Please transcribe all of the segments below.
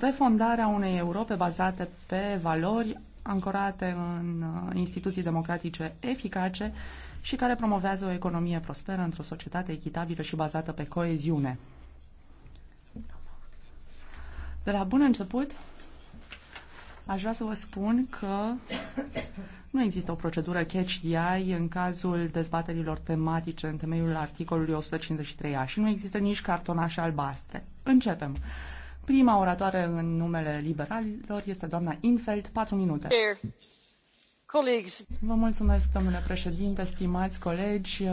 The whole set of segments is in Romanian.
refondarea unei Europe bazate pe valori ancorate în uh, instituții democratice eficace și care promovează o economie prosperă într-o societate echitabilă și bazată pe coeziune. De la bun început, aș vrea să vă spun că nu există o procedură catch eye în cazul dezbaterilor tematice în temeiul articolului 153A și nu există nici cartonașe albastre. Începem. Prima oratoare în numele liberalilor este doamna Infeld, 4 minute. Vă mulțumesc, domnule președinte, stimați colegi. Uh,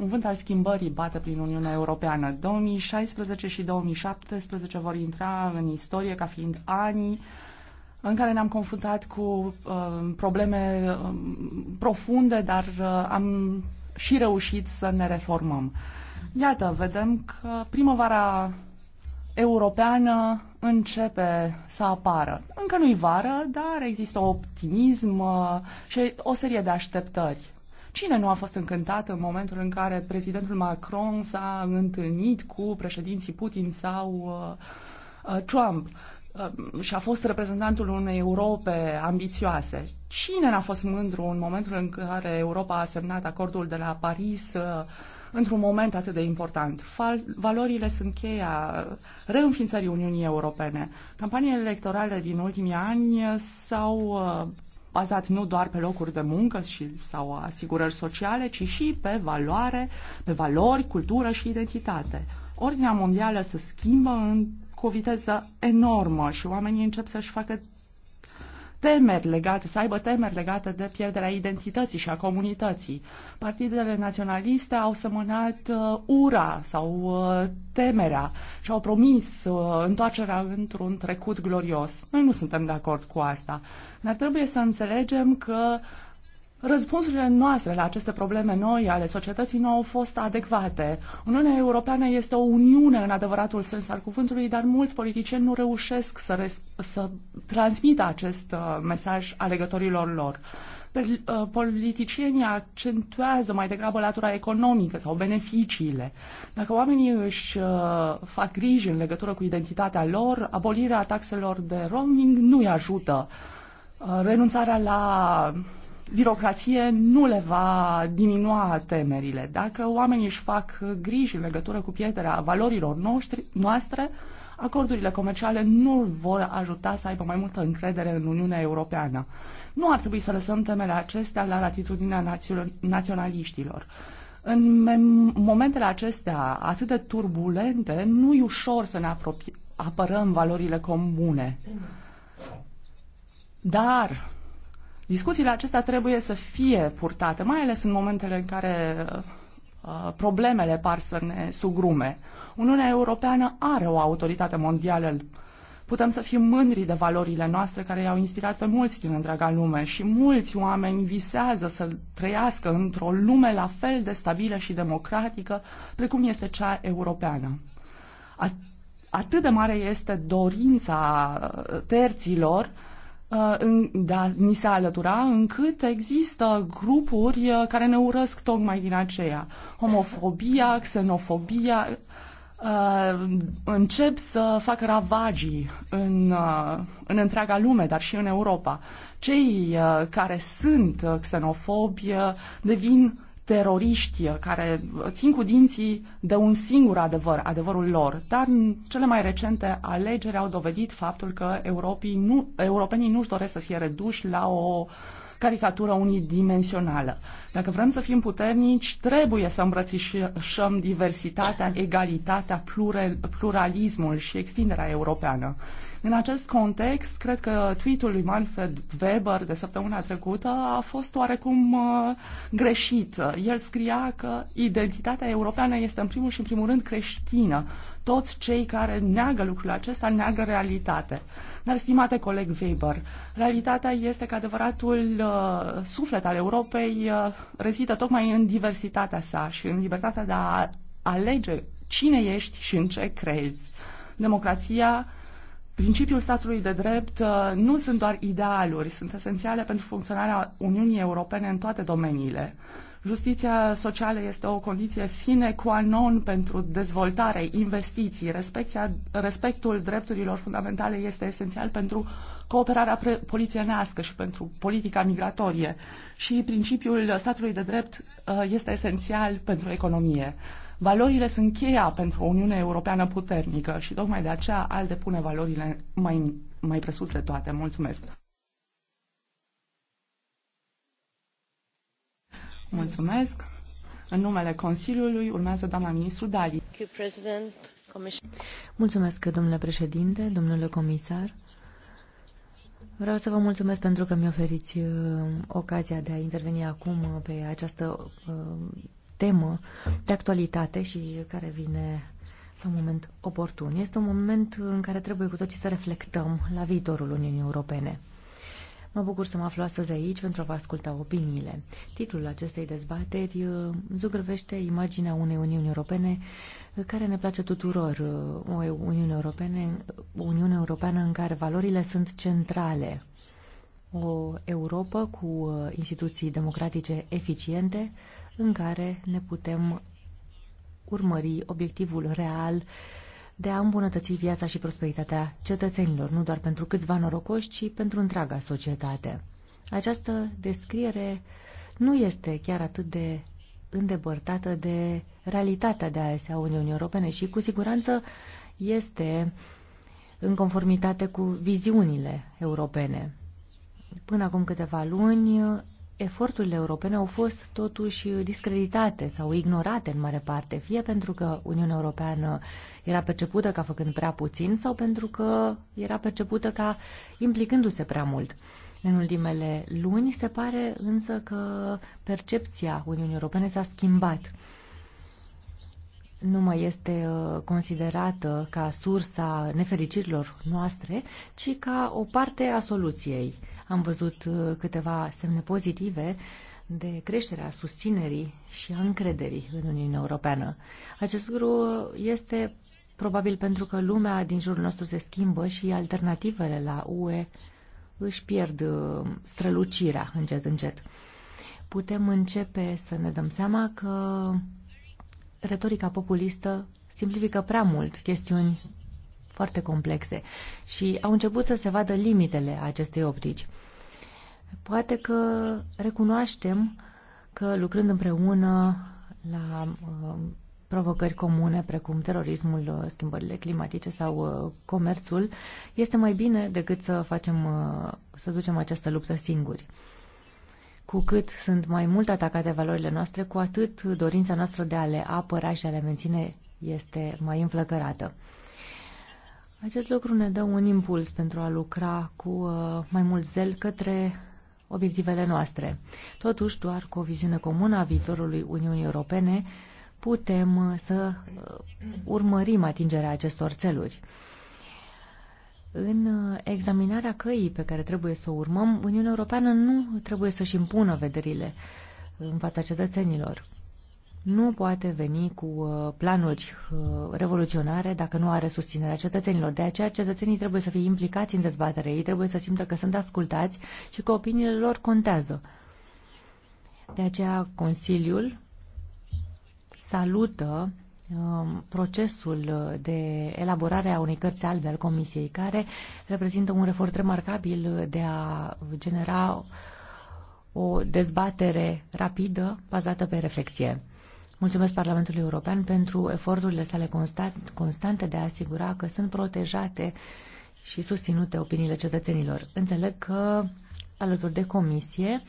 un vânt al schimbării bate prin Uniunea Europeană. 2016 și 2017 vor intra în istorie ca fiind ani în care ne-am confruntat cu uh, probleme uh, profunde, dar uh, am și reușit să ne reformăm. Iată, vedem că primăvara europeană începe să apară. Încă nu-i vară, dar există optimism uh, și o serie de așteptări. Cine nu a fost încântat în momentul în care prezidentul Macron s-a întâlnit cu președinții Putin sau uh, uh Trump? Uh, și a fost reprezentantul unei Europe ambițioase. Cine n-a fost mândru în momentul în care Europa a semnat acordul de la Paris într-un moment atât de important. Valorile sunt cheia reînființării Uniunii Europene. Campaniile electorale din ultimii ani s-au uh, bazat nu doar pe locuri de muncă și, sau asigurări sociale, ci și pe valoare, pe valori, cultură și identitate. Ordinea mondială se schimbă în, cu o viteză enormă și oamenii încep să-și facă temeri legate, să aibă temeri legate de pierderea identității și a comunității. Partidele naționaliste au semănat uh, ura sau uh, temerea și au promis uh, întoarcerea într-un trecut glorios. Noi nu suntem de acord cu asta, dar trebuie să înțelegem că Răspunsurile noastre la aceste probleme noi ale societății nu au fost adecvate. Uniunea Europeană este o uniune în adevăratul sens al cuvântului, dar mulți politicieni nu reușesc să, să transmită acest uh, mesaj alegătorilor lor. Pe, uh, politicienii accentuează mai degrabă latura economică sau beneficiile. Dacă oamenii își uh, fac griji în legătură cu identitatea lor, abolirea taxelor de roaming nu-i ajută. Uh, renunțarea la uh, birocrație nu le va diminua temerile. Dacă oamenii își fac griji în legătură cu pierderea valorilor noștri, noastre, acordurile comerciale nu vor ajuta să aibă mai multă încredere în Uniunea Europeană. Nu ar trebui să lăsăm temele acestea la latitudinea naționaliștilor. În momentele acestea atât de turbulente, nu e ușor să ne apropie, apărăm valorile comune. Dar Discuțiile acestea trebuie să fie purtate, mai ales în momentele în care uh, uh, problemele par să ne sugrume. Uniunea Europeană are o autoritate mondială. Putem să fim mândri de valorile noastre care i-au inspirat pe mulți din întreaga lume și mulți oameni visează să trăiască într-o lume la fel de stabilă și democratică precum este cea europeană. At- atât de mare este dorința uh, terților uh, Uh, în, da, ni se alătura, încât există grupuri uh, care ne urăsc tocmai din aceea. Homofobia, xenofobia uh, încep să facă ravagii în, în întreaga lume, dar și în Europa. Cei care sunt xenofobi devin teroriști care țin cu dinții de un singur adevăr, adevărul lor. Dar în cele mai recente alegeri au dovedit faptul că nu, europenii nu-și doresc să fie reduși la o uh, caricatură unidimensională. Dacă vrem să fim puternici, trebuie să îmbrățișăm diversitatea, egalitatea, pluralismul și extinderea europeană. În acest context, cred că tweet-ul lui Manfred Weber de săptămâna trecută a fost oarecum uh, greșit. El scria că identitatea europeană este în primul și în primul rând creștină. Toți cei care neagă lucrul acesta neagă realitate. Dar, stimate coleg Weber, realitatea este că adevăratul uh, suflet al Europei uh, rezidă tocmai în diversitatea sa și în libertatea de a alege cine ești și în ce crezi. Democrația Principiul statului de drept uh, nu sunt doar idealuri, sunt esențiale pentru funcționarea Uniunii Europene în toate domeniile. Justiția socială este o condiție sine qua non pentru dezvoltare, investiții. Respecția, respectul drepturilor fundamentale este esențial pentru cooperarea polițienească și pentru politica migratorie. Și principiul statului de drept uh, este esențial pentru economie. Valorile sunt cheia pentru o Uniune Europeană puternică și tocmai de aceea al depune valorile mai, mai presus de toate. Mulțumesc! Mulțumesc. În numele Consiliului urmează doamna ministru Dali. Mulțumesc, domnule președinte, domnule comisar. Vreau să vă mulțumesc pentru că mi oferiți uh, ocazia de a interveni acum uh, pe această uh, temă de actualitate și care vine la un moment oportun. Este un moment în care trebuie cu toții să reflectăm la viitorul Uniunii Europene. Mă bucur să mă aflu astăzi aici pentru a vă asculta opiniile. Titlul acestei dezbateri uh, zugrăvește imaginea unei Uniuni Europene uh, care ne place tuturor, uh, o Uniune, Europene, o Uniune Europeană în care valorile sunt centrale, o Europa cu instituții democratice eficiente în care ne putem urmări obiectivul real uh, de a îmbunătăți viața și prosperitatea cetățenilor, nu doar pentru câțiva norocoși, ci pentru întreaga societate. Această descriere nu este chiar atât de îndepărtată de realitatea de azi a Uniunii Europene și cu siguranță este în conformitate cu viziunile europene. Până acum câteva luni eforturile europene au fost totuși discreditate sau ignorate în mare parte, fie pentru că Uniunea Europeană era percepută ca făcând prea puțin sau pentru că era percepută ca implicându-se prea mult. În ultimele luni se pare însă că percepția Uniunii Europene s-a schimbat. Nu mai este uh, considerată ca sursa nefericirilor noastre, ci ca o parte a soluției am văzut uh, câteva semne pozitive de creșterea susținerii și a încrederii în Uniunea Europeană. Acest lucru este probabil pentru că lumea din jurul nostru se schimbă și alternativele la UE își pierd uh, strălucirea încet, încet. Putem începe să ne dăm seama că retorica populistă simplifică prea mult chestiuni foarte complexe și au început să se vadă limitele acestei optici. Poate că recunoaștem că lucrând împreună la uh, provocări comune precum terorismul, uh, schimbările climatice sau uh, comerțul, este mai bine decât să facem să ducem această luptă singuri. Cu cât sunt mai mult atacate valorile noastre, cu atât dorința noastră de a le apăra și a le menține este mai înflăcărată. Acest lucru ne dă un impuls pentru a lucra cu mai mult zel către obiectivele noastre. Totuși, doar cu o viziune comună a viitorului Uniunii Europene putem uh, să uh, urmărim atingerea acestor țeluri. În uh, examinarea căii pe care trebuie să o urmăm, Uniunea Europeană nu trebuie să-și impună vederile în fața cetățenilor nu poate veni cu uh, planuri uh, revoluționare dacă nu are susținerea cetățenilor. De aceea cetățenii trebuie să fie implicați în dezbatere, ei trebuie să simtă că sunt ascultați și că opiniile lor contează. De aceea Consiliul salută um, procesul de elaborare a unei cărți albe al Comisiei, care reprezintă un efort remarcabil de a genera o dezbatere rapidă bazată pe reflexie. Mulțumesc Parlamentului European pentru eforturile sale constante de a asigura că sunt protejate și susținute opiniile cetățenilor. Înțeleg că alături de comisie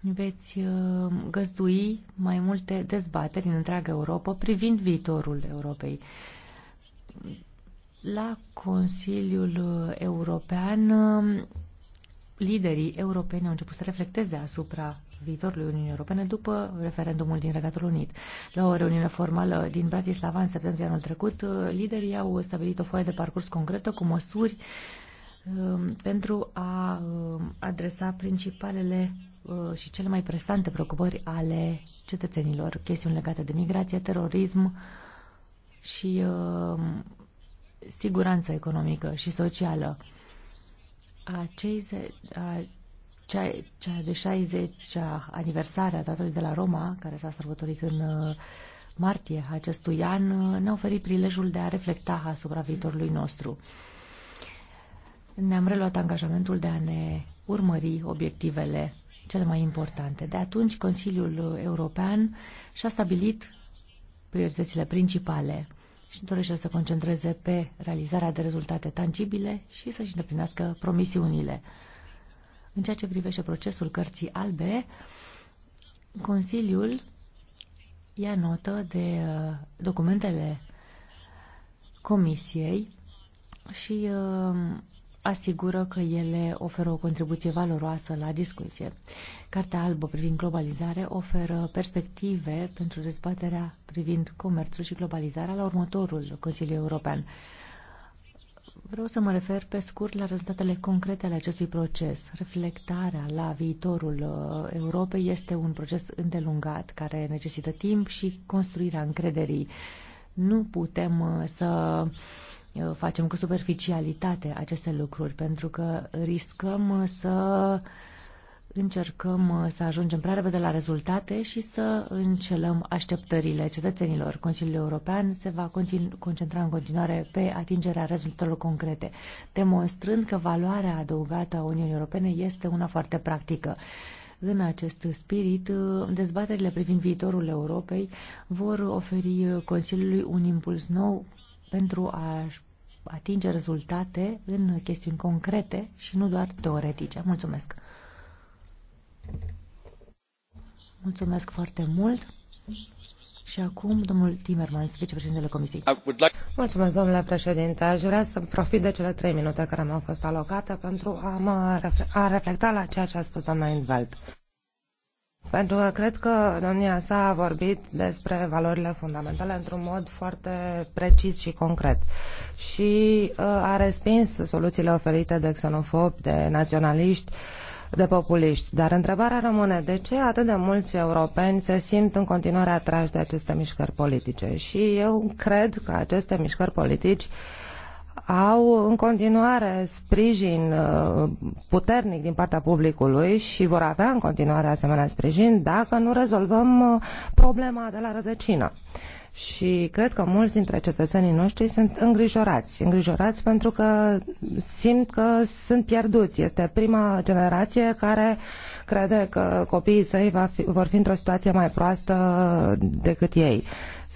veți uh, găzdui mai multe dezbateri în întreaga Europa privind viitorul Europei. La Consiliul European, uh, liderii europeni au început să reflecteze asupra viitorului Uniunii Europene după referendumul din Regatul Unit. La o reuniune formală din Bratislava în septembrie anul trecut, uh, liderii au stabilit o foaie de parcurs concretă cu măsuri um, pentru a um, adresa principalele uh, și cele mai presante preocupări ale cetățenilor, chestiuni legate de migrație, terorism și um, siguranță economică și socială. Acei, cea, cea de 60-a aniversare a datului de la Roma, care s-a sărbătorit în uh, martie acestui an, uh, ne-a oferit prilejul de a reflecta asupra viitorului nostru. Ne-am reluat angajamentul de a ne urmări obiectivele cele mai importante. De atunci, Consiliul European și-a stabilit prioritățile principale și dorește să se concentreze pe realizarea de rezultate tangibile și să-și îndeplinească promisiunile. În ceea ce privește procesul cărții albe, Consiliul ia notă de uh, documentele Comisiei și uh, asigură că ele oferă o contribuție valoroasă la discuție. Cartea albă privind globalizare oferă perspective pentru dezbaterea privind comerțul și globalizarea la următorul Consiliu European. Vreau să mă refer pe scurt la rezultatele concrete ale acestui proces. Reflectarea la viitorul uh, Europei este un proces îndelungat care necesită timp și construirea încrederii. Nu putem uh, să uh, facem cu superficialitate aceste lucruri pentru că riscăm să încercăm uh, să ajungem prea repede la rezultate și să încelăm așteptările cetățenilor. Consiliul European se va concentra în continuare pe atingerea rezultatelor concrete, demonstrând că valoarea adăugată a Uniunii Europene este una foarte practică. În acest spirit, uh, dezbaterile privind viitorul Europei vor oferi uh, Consiliului un impuls nou pentru a atinge rezultate în chestiuni concrete și nu doar teoretice. Mulțumesc! Mulțumesc foarte mult. Și acum, domnul Timmermans, vicepreședintele Comisiei. Mulțumesc, domnule președinte. Aș vrea să profit de cele trei minute care mi-au fost alocate pentru a, mă a reflecta la ceea ce a spus doamna Invelt. Pentru că cred că domnia sa a vorbit despre valorile fundamentale într-un mod foarte precis și concret și uh, a respins soluțiile oferite de xenofobi, de naționaliști, uh, de populiști. Dar întrebarea rămâne, de ce atât de mulți europeni se simt în continuare atrași de aceste mișcări politice? Și eu cred că aceste mișcări politici au în continuare sprijin uh, puternic din partea publicului și vor avea în continuare asemenea sprijin dacă nu rezolvăm uh, problema de la rădăcină și cred că mulți dintre cetățenii noștri sunt îngrijorați. Îngrijorați pentru că simt că sunt pierduți. Este prima generație care crede că copiii săi va fi, vor fi într-o situație mai proastă decât ei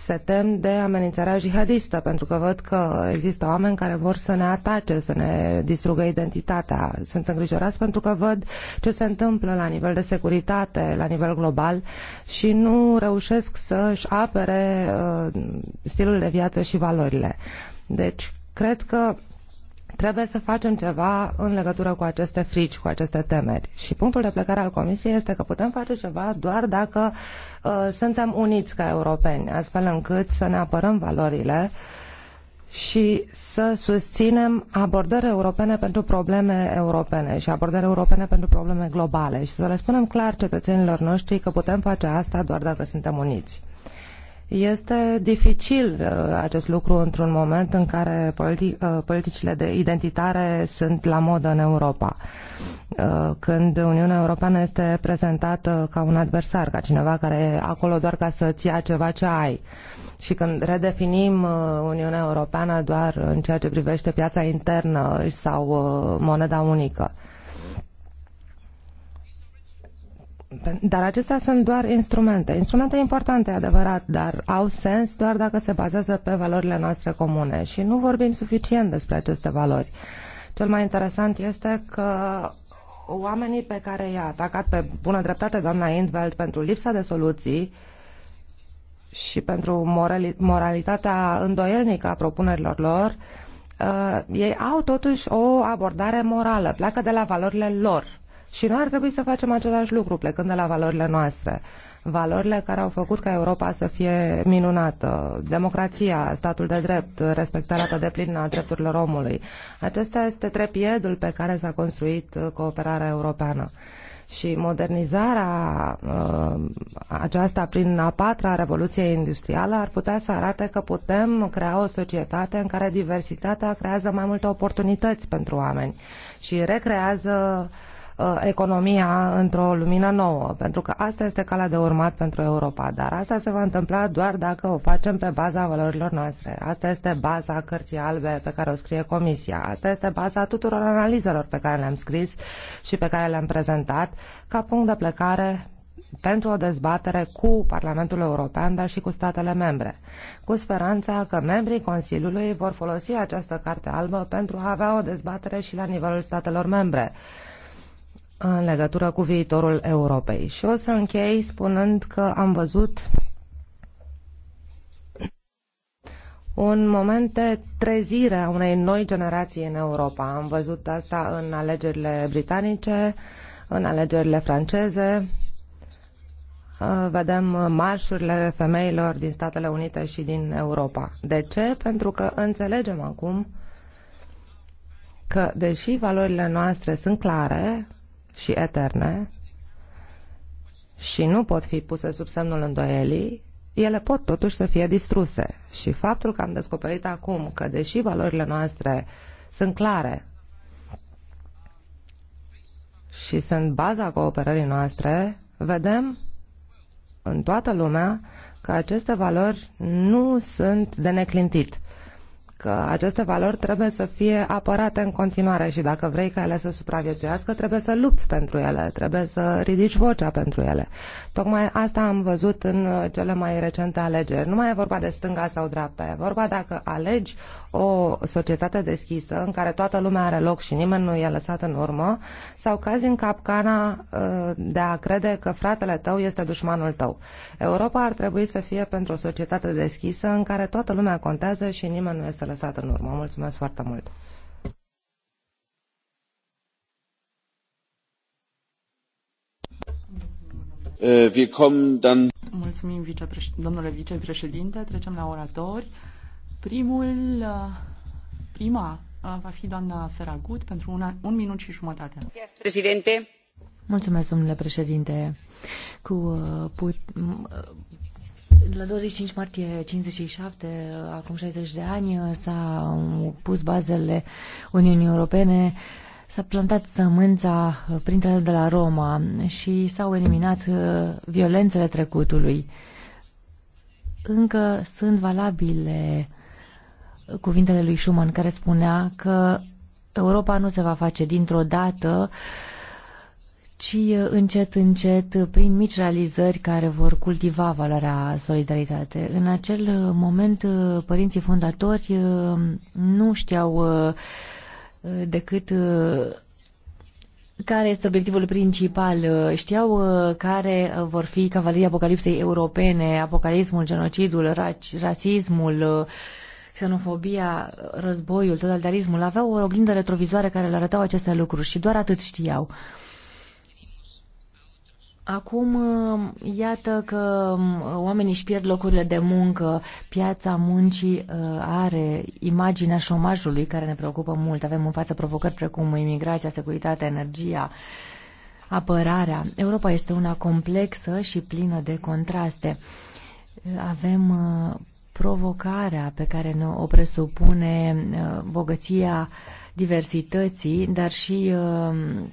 se tem de amenințarea jihadistă, pentru că văd că există oameni care vor să ne atace, să ne distrugă identitatea. Sunt îngrijorați pentru că văd ce se întâmplă la nivel de securitate, la nivel global și nu reușesc să-și apere uh, stilul de viață și valorile. Deci, cred că Trebuie să facem ceva în legătură cu aceste frici, cu aceste temeri. Și punctul de plecare al Comisiei este că putem face ceva doar dacă uh, suntem uniți ca europeni, astfel încât să ne apărăm valorile și să susținem abordări europene pentru probleme europene și abordări europene pentru probleme globale și să le spunem clar cetățenilor noștri că putem face asta doar dacă suntem uniți. Este dificil uh, acest lucru într-un moment în care politi uh, politicile de identitare sunt la modă în Europa. Uh, când Uniunea Europeană este prezentată ca un adversar, ca cineva care e acolo doar ca să-ți ia ceva ce ai. Și când redefinim Uniunea Europeană doar în ceea ce privește piața internă sau moneda unică. Dar acestea sunt doar instrumente. Instrumente importante, adevărat, dar au sens doar dacă se bazează pe valorile noastre comune și nu vorbim suficient despre aceste valori. Cel mai interesant este că oamenii pe care i-a atacat pe bună dreptate doamna Indveld pentru lipsa de soluții și pentru moralitatea îndoielnică a propunerilor lor, uh, ei au totuși o abordare morală, pleacă de la valorile lor și noi ar trebui să facem același lucru, plecând de la valorile noastre. Valorile care au făcut ca Europa să fie minunată, democrația, statul de drept, respectarea pe deplin a drepturilor omului. Acesta este trepiedul pe care s-a construit cooperarea europeană și modernizarea uh, aceasta prin a patra revoluție industrială ar putea să arate că putem crea o societate în care diversitatea creează mai multe oportunități pentru oameni și recrează uh, Uh, economia într-o lumină nouă, pentru că asta este calea de urmat pentru Europa, dar asta se va întâmpla doar dacă o facem pe baza valorilor noastre. Asta este baza cărții albe pe care o scrie Comisia, asta este baza tuturor analizelor pe care le-am scris și pe care le-am prezentat ca punct de plecare pentru o dezbatere cu Parlamentul European, dar și cu statele membre, cu speranța că membrii Consiliului vor folosi această carte albă pentru a avea o dezbatere și la nivelul statelor membre în legătură cu viitorul Europei. Și o să închei spunând că am văzut un moment de trezire a unei noi generații în Europa. Am văzut asta în alegerile britanice, în alegerile franceze, uh, vedem marșurile femeilor din Statele Unite și din Europa. De ce? Pentru că înțelegem acum că, deși valorile noastre sunt clare, și eterne și nu pot fi puse sub semnul îndoielii, ele pot totuși să fie distruse. Și faptul că am descoperit acum că, deși valorile noastre sunt clare și sunt baza cooperării noastre, vedem în toată lumea că aceste valori nu sunt de neclintit că aceste valori trebuie să fie apărate în continuare și dacă vrei ca ele să supraviețuiască, trebuie să lupți pentru ele, trebuie să ridici vocea pentru ele. Tocmai asta am văzut în uh, cele mai recente alegeri. Nu mai e vorba de stânga sau dreapta, e vorba dacă alegi o societate deschisă în care toată lumea are loc și nimeni nu e lăsat în urmă sau cazi în capcana uh, de a crede că fratele tău este dușmanul tău. Europa ar trebui să fie pentru o societate deschisă în care toată lumea contează și nimeni nu este lăsat în urmă. Mulțumesc foarte mult! Eh, Mulțumim, domnule vicepreședinte. Trecem la oratori. Primul, eh, prima eh, va fi doamna Feragut pentru una, un minut și jumătate. Președinte. Mulțumesc, domnule președinte. Cu, put, la 25 martie 57, acum 60 de ani, s-a pus bazele Uniunii Europene, s-a plantat sămânța printre de la Roma și s-au eliminat uh, violențele trecutului. Încă sunt valabile uh, cuvintele lui Schumann care spunea că Europa nu se va face dintr-o dată uh, ci uh, încet, încet, prin mici realizări care vor cultiva valoarea solidaritate. În acel uh, moment, uh, părinții fondatori nu știau decât care este obiectivul principal? Știau care vor fi cavalerii apocalipsei europene, apocalismul, genocidul, rasismul, xenofobia, războiul, totalitarismul. Aveau o oglindă retrovizoare care le arătau aceste lucruri și doar atât știau. Uh, Acum, iată că um, oamenii își pierd locurile de muncă, piața muncii uh, are imaginea șomajului care ne preocupă mult. Avem în față provocări precum imigrația, securitatea, energia, apărarea. Europa este una complexă și plină de contraste. Avem uh, provocarea pe care ne o presupune uh, bogăția diversității, dar și um,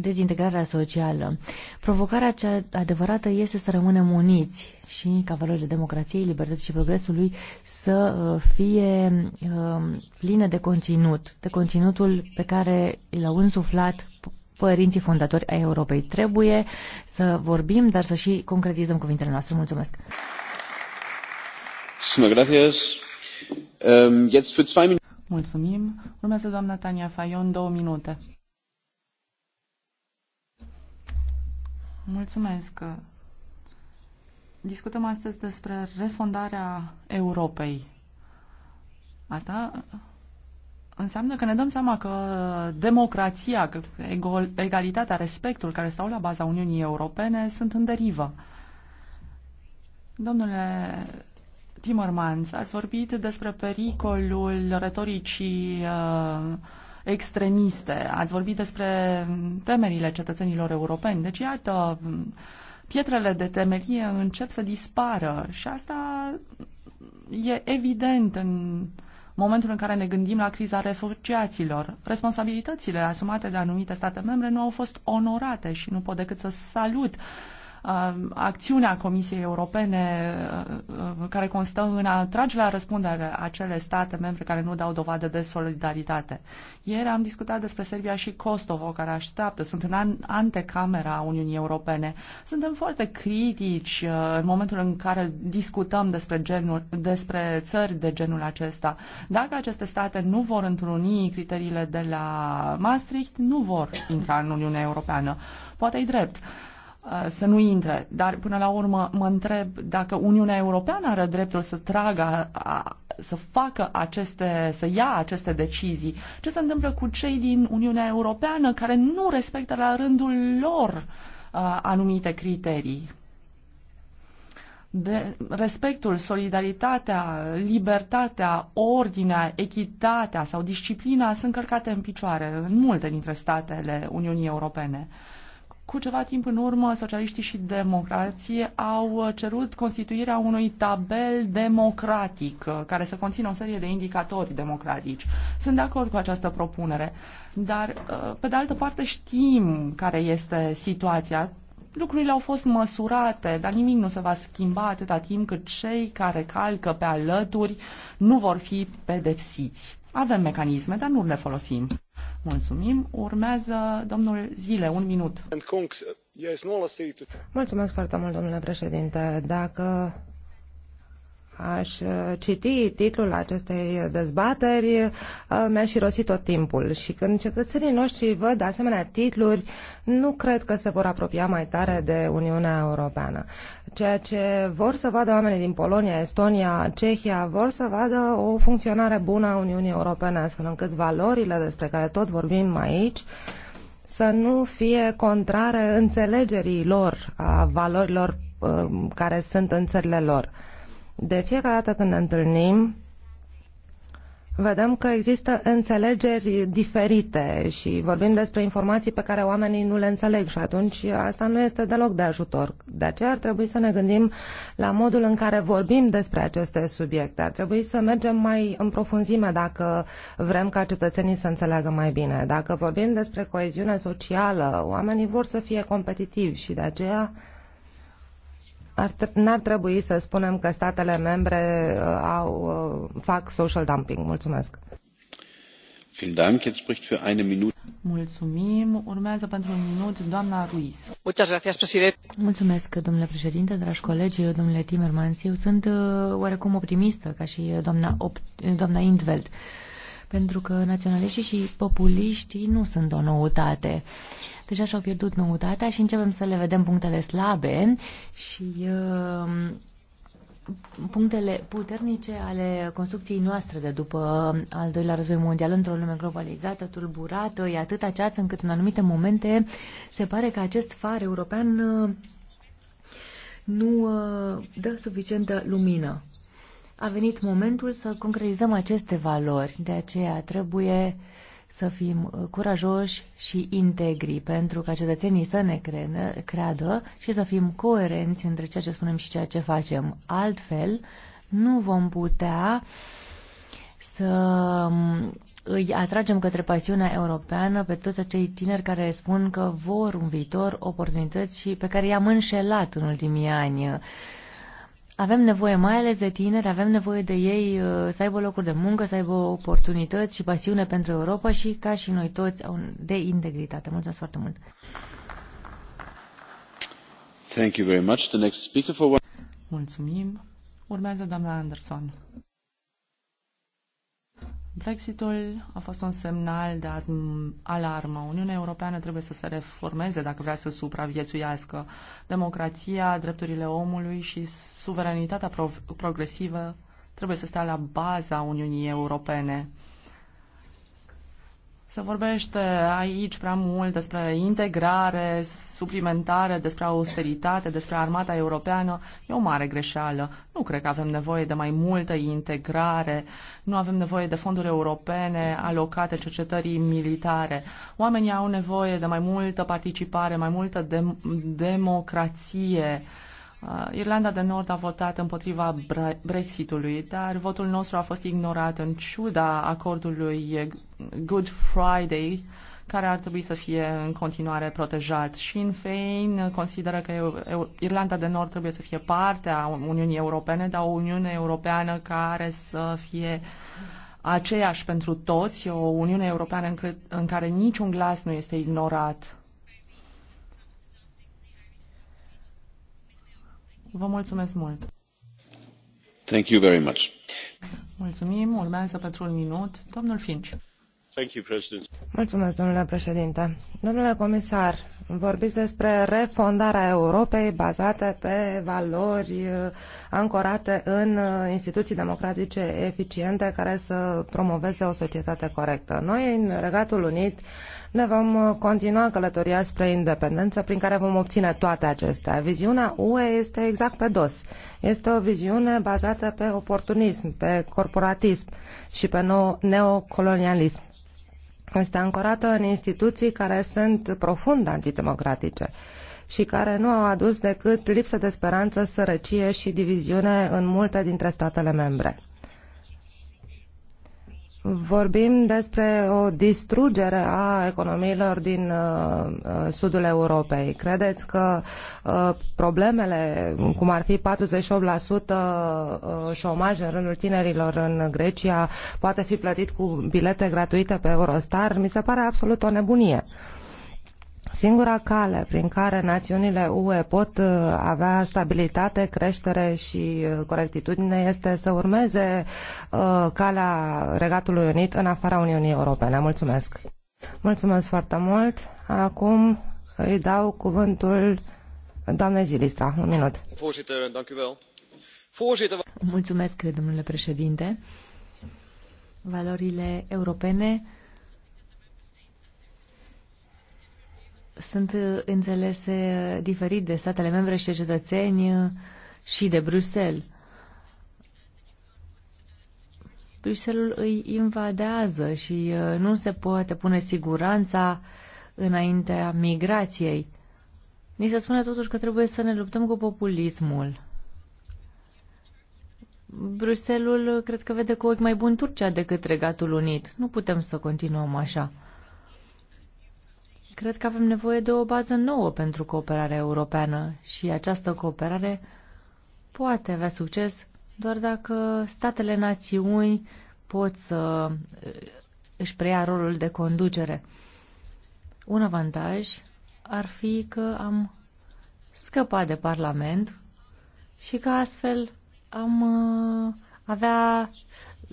dezintegrarea socială. Provocarea cea adevărată este să rămânem uniți și ca valorile democrației, libertății și progresului să uh, fie uh, pline de conținut, de conținutul pe care l-au însuflat părinții fondatori ai Europei. Trebuie să vorbim, dar să și concretizăm cuvintele noastre. Mulțumesc! Mulțumim. Urmează doamna Tania Fayon, două minute. Mulțumesc. Discutăm astăzi despre refondarea Europei. Asta înseamnă că ne dăm seama că democrația, că egalitatea, respectul care stau la baza Uniunii Europene sunt în derivă. Domnule Timmermans, ați vorbit despre pericolul retoricii uh, extremiste, ați vorbit despre temerile cetățenilor europeni. Deci, iată, pietrele de temelie încep să dispară și asta e evident în momentul în care ne gândim la criza refugiaților. Responsabilitățile asumate de anumite state membre nu au fost onorate și nu pot decât să salut uh, Um, acțiunea Comisiei Europene uh, uh, care constă în a trage la răspundere acele state membre care nu dau dovadă de solidaritate. Ieri am discutat despre Serbia și Kosovo care așteaptă, sunt în antecamera Uniunii Europene. Suntem foarte critici uh, în momentul în care discutăm despre, genul, despre țări de genul acesta. Dacă aceste state nu vor întruni criteriile de la Maastricht, nu vor intra în Uniunea Europeană. Poate e drept. Uh, să nu intre. Dar până la urmă mă întreb dacă Uniunea Europeană are dreptul să tragă, să facă aceste, să ia aceste decizii. Ce se întâmplă cu cei din Uniunea Europeană care nu respectă la rândul lor uh, anumite criterii? de respectul, solidaritatea, libertatea, ordinea, echitatea sau disciplina sunt călcate în picioare în multe dintre statele Uniunii Europene. Uh, cu ceva timp în urmă, socialiștii și democrații au cerut constituirea unui tabel democratic uh, care să conțină o serie de indicatori democratici. Sunt de acord cu această propunere, dar uh, pe de altă parte știm care este situația lucrurile au fost măsurate, dar nimic nu se va schimba atâta timp cât cei care calcă pe alături nu vor fi pedepsiți. Avem mecanisme, dar nu le folosim. Mulțumim. Urmează domnul Zile, un minut. Mulțumesc foarte mult, domnule președinte. Dacă aș uh, citi titlul acestei dezbateri, uh, mi-a și rosit tot timpul. Și când cetățenii noștri văd asemenea titluri, nu cred că se vor apropia mai tare de Uniunea Europeană. Ceea ce vor să vadă oamenii din Polonia, Estonia, Cehia, vor să vadă o funcționare bună a Uniunii Europene, astfel încât valorile despre care tot vorbim aici să nu fie contrare înțelegerii lor a valorilor uh, care sunt în țările lor. De fiecare dată când ne întâlnim, vedem că există înțelegeri diferite și vorbim despre informații pe care oamenii nu le înțeleg și atunci asta nu este deloc de ajutor. De aceea ar trebui să ne gândim la modul în care vorbim despre aceste subiecte. Ar trebui să mergem mai în profunzime dacă vrem ca cetățenii să înțeleagă mai bine. Dacă vorbim despre coeziune socială, oamenii vor să fie competitivi și de aceea n-ar trebui să spunem că statele membre uh, au, uh, fac social dumping. Mulțumesc. Mulțumim. Urmează pentru un minut doamna Ruiz. Mulțumesc, domnule președinte, dragi colegi, domnule Timmermans. Eu sunt uh, oarecum optimistă, ca și doamna, Op- doamna Intveld, pentru că naționaliștii și populiștii nu sunt o noutate. Uh, deja și-au pierdut noutatea și începem să le vedem punctele slabe și um, punctele puternice ale construcției noastre de după um, al doilea război mondial într-o lume globalizată, tulburată, e atât ceață încât în anumite momente se pare că acest far european um, nu uh, dă suficientă lumină. A venit momentul să concretizăm aceste valori, de aceea trebuie uh, să fim uh, curajoși și integri pentru ca cetățenii să ne crede, creadă și să fim coerenți între ceea ce spunem și ceea ce facem. Altfel, nu vom putea să um, îi atragem către pasiunea europeană pe toți acei tineri care spun că vor un viitor, oportunități și pe care i-am înșelat în ultimii ani. Avem nevoie mai ales de tineri, avem nevoie de ei uh, să aibă locuri de muncă, să aibă oportunități și pasiune pentru Europa și, ca și noi toți, de integritate. Mulțumesc foarte mult! Thank you very much. The next speaker for one... Mulțumim. Urmează doamna Anderson. Brexitul a fost un semnal de alarmă. Uniunea Europeană trebuie să se reformeze dacă vrea să supraviețuiască. Democrația, drepturile omului și suveranitatea pro- progresivă trebuie să stea la baza Uniunii Europene. Se vorbește aici prea mult despre integrare suplimentare, despre austeritate, despre armata europeană. E o mare greșeală. Nu cred că avem nevoie de mai multă integrare. Nu avem nevoie de fonduri europene alocate cercetării militare. Oamenii au nevoie de mai multă participare, mai multă de- democrație. Uh, Uh, Irlanda de Nord a votat împotriva Brexitului, dar votul nostru a fost ignorat în ciuda acordului Good Friday, care ar trebui să fie în continuare protejat. Și în Fein consideră că Irlanda de Nord trebuie să fie parte a Uniunii Europene, dar o Uniune Europeană care să fie aceeași pentru toți, o Uniune Europeană în, în care niciun glas nu este ignorat Vă mulțumesc mult! Thank you very much. Mulțumim. Urmează pentru un minut domnul Finch. Thank you, President. Mulțumesc, domnule președinte. Domnule comisar, Vorbiți despre refondarea Europei bazată pe valori uh, ancorate în uh, instituții democratice eficiente care să promoveze o societate corectă. Noi, în Regatul Unit, ne vom uh, continua călătoria spre independență prin care vom obține toate acestea. Viziunea UE este exact pe dos. Este o viziune bazată pe oportunism, pe corporatism și pe neocolonialism este ancorată în instituții care sunt profund antidemocratice și care nu au adus decât lipsă de speranță, sărăcie și diviziune în multe dintre statele membre. Vorbim despre o distrugere a economiilor din uh, uh, sudul Europei. Credeți că uh, problemele, cum ar fi 48% uh, șomaj în rândul tinerilor în Grecia, poate fi plătit cu bilete gratuite pe Eurostar? Mi se pare absolut o nebunie. Uh, Singura cale prin care națiunile UE pot uh, avea stabilitate, creștere și uh, corectitudine este să urmeze uh, calea Regatului Unit în afara Uniunii Europene. Mulțumesc! Mulțumesc foarte mult! Acum îi dau cuvântul doamnei Zilistra. Un minut. Mulțumesc, domnule președinte! Valorile europene sunt uh, înțelese uh, diferit de statele membre și de cetățeni uh, și de Bruxelles. Bruxelles îi invadează și nu se poate pune siguranța înaintea migrației. Ni se spune totuși că trebuie să ne luptăm cu populismul. Bruxelles cred că vede cu ochi mai bun Turcia decât Regatul Unit. Nu putem să continuăm așa. Cred că avem nevoie de o bază nouă pentru cooperarea europeană și această cooperare poate avea succes doar dacă statele națiuni pot să eh, își preia rolul de conducere. Un avantaj ar fi că am scăpat de Parlament și că astfel am eh, avea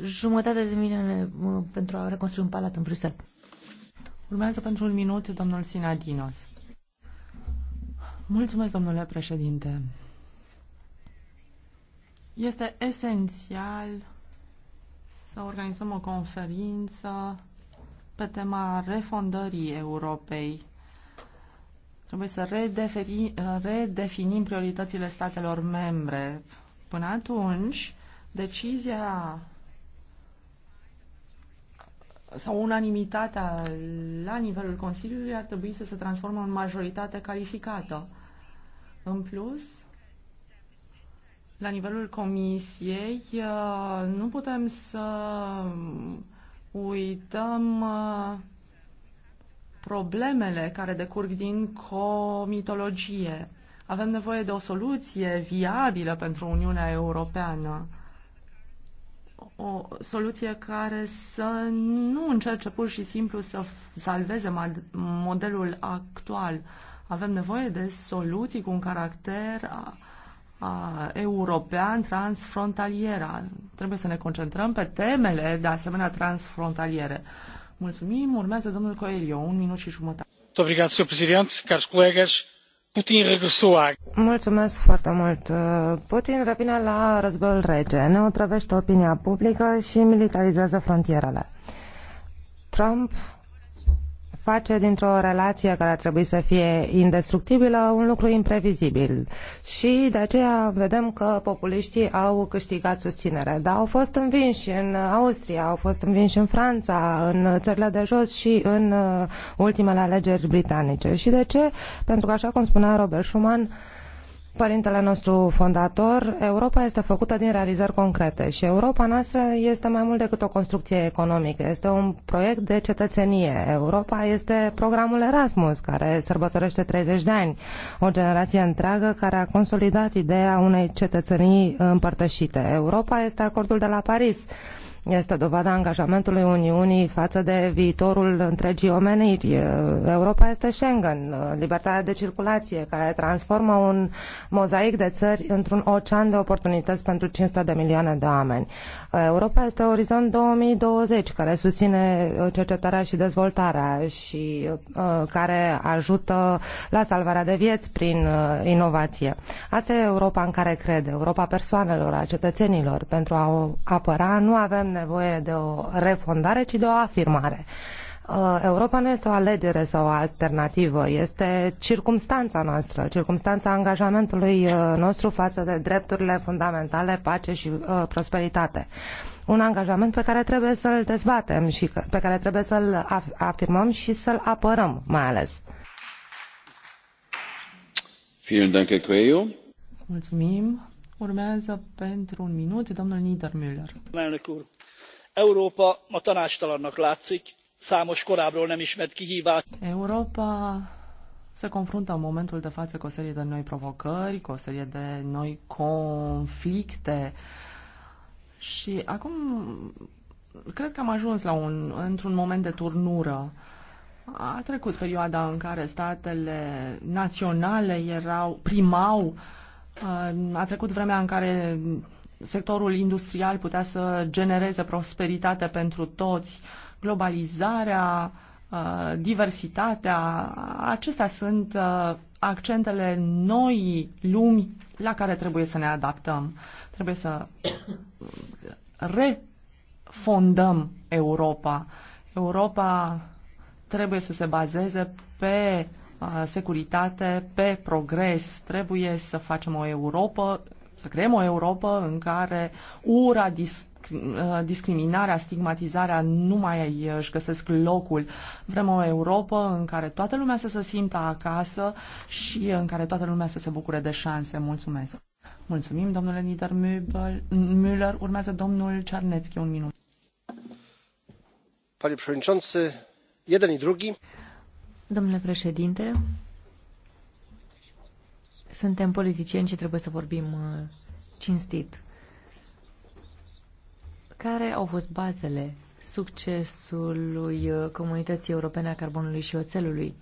jumătate de mine eh, pentru a reconstrui un palat în Bruxelles. Urmează pentru un minut domnul Sinadinos. Mulțumesc, domnule președinte. Este esențial să organizăm o conferință pe tema refondării Europei. Trebuie să redefini, redefinim prioritățile statelor membre. Până atunci, decizia sau unanimitatea la nivelul Consiliului ar trebui să se transforme în majoritate calificată. În plus, la nivelul Comisiei, uh, nu putem să uităm uh, problemele care decurg din comitologie. Avem nevoie de o soluție viabilă pentru Uniunea Europeană o soluție care să nu încerce pur și simplu să salveze modelul actual. Avem nevoie de soluții cu un caracter a, a, european transfrontaliera. Trebuie să ne concentrăm pe temele de asemenea transfrontaliere. Mulțumim. Urmează domnul Coelio. Un minut și jumătate. Muito Obrigado, Sr. Presidente, caros colegas. Putin foarte Putin revine la războiul rece, ne otrăvește opinia publică și militarizează frontierele. Trump face dintr-o relație care ar trebui să fie indestructibilă un lucru imprevizibil. Și de aceea vedem că populiștii au câștigat susținere. Dar au fost învinși în Austria, au fost învinși în Franța, în țările de jos și în uh, ultimele alegeri britanice. Și de ce? Pentru că, așa cum spunea Robert Schuman, Părintele nostru fondator, Europa este făcută din realizări concrete și Europa noastră este mai mult decât o construcție economică, este un proiect de cetățenie. Europa este programul Erasmus, care sărbătorește 30 de ani, o generație întreagă care a consolidat ideea unei cetățenii împărtășite. Europa este acordul de la Paris, este dovada angajamentului Uniunii față de viitorul întregii omeniri. Europa este Schengen, libertatea de circulație, care transformă un mozaic de țări într-un ocean de oportunități pentru 500 de milioane de oameni. Europa este Orizont 2020, care susține uh, cercetarea și dezvoltarea și uh, care ajută la salvarea de vieți prin uh, inovație. Asta e Europa în care cred, Europa persoanelor, a cetățenilor. Pentru a o apăra nu avem nevoie de o refondare, ci de o afirmare. Uh, Europa nu este o alegere sau o alternativă, este circumstanța noastră, circumstanța angajamentului uh, nostru față de drepturile fundamentale, pace și uh, prosperitate. Un angajament pe care trebuie să-l dezbatem și pe care trebuie să-l afirmăm și să-l apărăm, mai ales. Mulțumim. Urmează pentru un minut domnul Niedermüller európa ma tanácstalannak látszik számos korábbról nem ismert kihvást. Európa se confruntă în momentul de față cu o serie de noi provocări, cu o serie de noi conflicte. Și acum cred că am ajuns la un, într-un moment de turnură. A trecut perioada în care statele naționale erau, primau, uh, a trecut vremea în care sectorul industrial putea să genereze prosperitate pentru toți, globalizarea, uh, diversitatea, acestea sunt uh, accentele noii lumi la care trebuie să ne adaptăm. Trebuie să refondăm Europa. Europa trebuie să se bazeze pe uh, securitate, pe progres. Trebuie să facem o Europa să creăm o Europa în care ura, dis, uh, discriminarea, stigmatizarea nu mai își găsesc locul. Vrem o Europa în care toată lumea să se simtă acasă și în care toată lumea să se bucure de șanse. Mulțumesc! Mulțumim, domnule Nieder Müller. Urmează domnul Cernețchi, un minut. drugi. Domnule președinte, suntem politicieni și trebuie să vorbim uh, cinstit. Care au fost bazele succesului uh, Comunității Europene a Carbonului și Oțelului?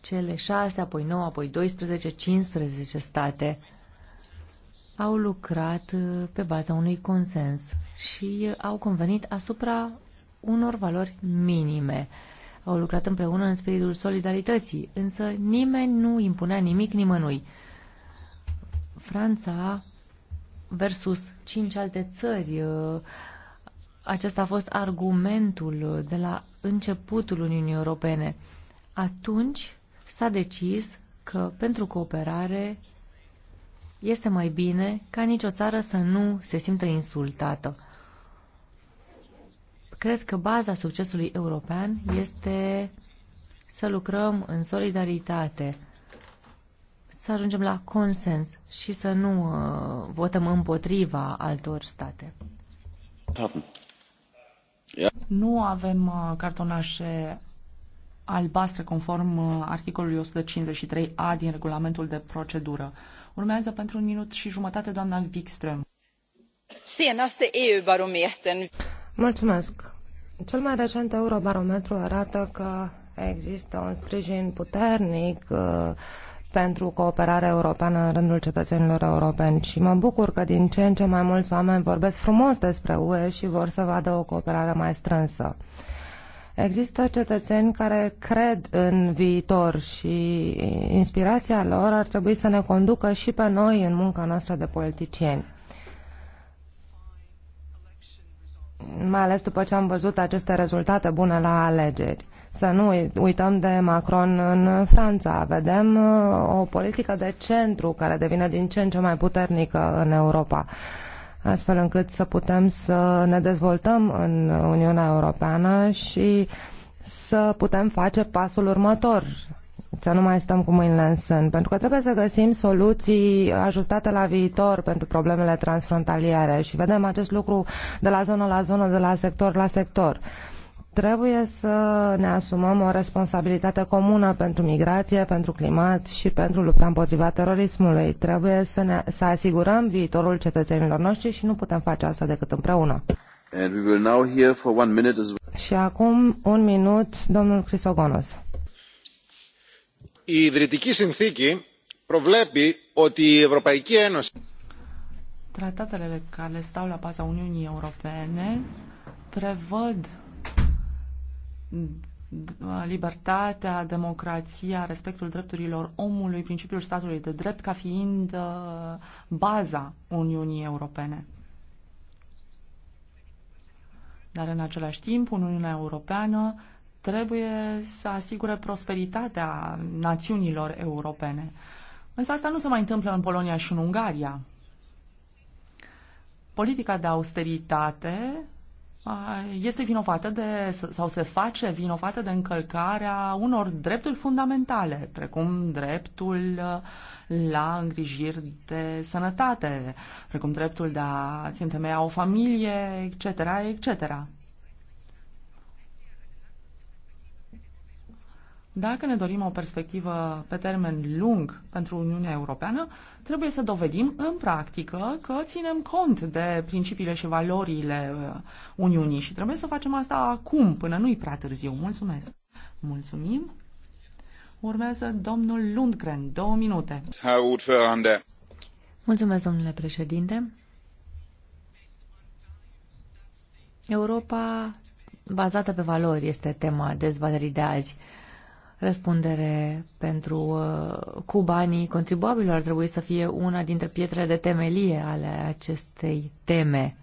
Cele șase, apoi nouă, apoi 12, 15 state au lucrat uh, pe baza unui consens și au convenit asupra unor valori minime au lucrat împreună în spiritul solidarității, însă nimeni nu impunea nimic nimănui. Franța versus cinci alte țări, uh, acesta a fost argumentul de la începutul Uniunii Europene. Atunci s-a decis că pentru cooperare este mai bine ca nicio țară să nu se simtă insultată. Cred că baza succesului european este să lucrăm în solidaritate, să ajungem la consens și să nu uh, votăm împotriva altor state. Nu avem uh, cartonașe albastre conform uh, articolului 153A din regulamentul de procedură. Urmează pentru un minut și jumătate doamna Wikström. Senaste EU-barometern Mulțumesc. Cel mai recent eurobarometru arată că există un sprijin puternic uh, pentru cooperarea europeană în rândul cetățenilor europeni și mă bucur că din ce în ce mai mulți oameni vorbesc frumos despre UE și vor să vadă o cooperare mai strânsă. Există cetățeni care cred în viitor și inspirația lor ar trebui să ne conducă și pe noi în munca noastră de politicieni. mai ales după ce am văzut aceste rezultate bune la alegeri. Să nu uităm de Macron în Franța. Vedem uh, o politică de centru care devine din ce în ce mai puternică în Europa astfel încât să putem să ne dezvoltăm în Uniunea Europeană și să putem face pasul următor să nu mai stăm cu mâinile în sân, pentru că trebuie să găsim soluții ajustate la viitor pentru problemele transfrontaliere și vedem acest lucru de la zonă la zonă, de la sector la sector. Trebuie să ne asumăm o responsabilitate comună pentru migrație, pentru climat și pentru lupta împotriva terorismului. Trebuie să, ne, să asigurăm viitorul cetățenilor noștri și nu putem face asta decât împreună. And we will now hear for one minute as well. Și acum un minut, domnul Crisogonos η ιδρυτική συνθήκη προβλέπει ότι η Ευρωπαϊκή Ένωση Tratatele care stau la baza Uniunii Europene prevăd libertatea, democrația, respectul drepturilor omului, principiul statului de drept ca fiind uh, baza Uniunii Europene. Dar în același timp, Uniunea Europeană trebuie să asigure prosperitatea națiunilor europene. Însă asta nu se mai întâmplă în Polonia și în Ungaria. Politica de austeritate este vinovată de, sau se face vinovată de încălcarea unor drepturi fundamentale, precum dreptul uh, la îngrijiri de sănătate, precum dreptul de a ți întemeia o familie, etc., etc. Dacă ne dorim o perspectivă pe termen lung pentru Uniunea Europeană, trebuie să dovedim în practică că ținem cont de principiile și valorile uh, Uniunii și trebuie să facem asta acum, până nu-i prea târziu. Mulțumesc! Mulțumim! Urmează domnul Lundgren, două minute. Mulțumesc, domnule președinte. Europa bazată pe valori este tema dezbaterii de azi răspundere pentru uh, cu banii contribuabilor ar trebui să fie una dintre pietrele de temelie ale acestei teme.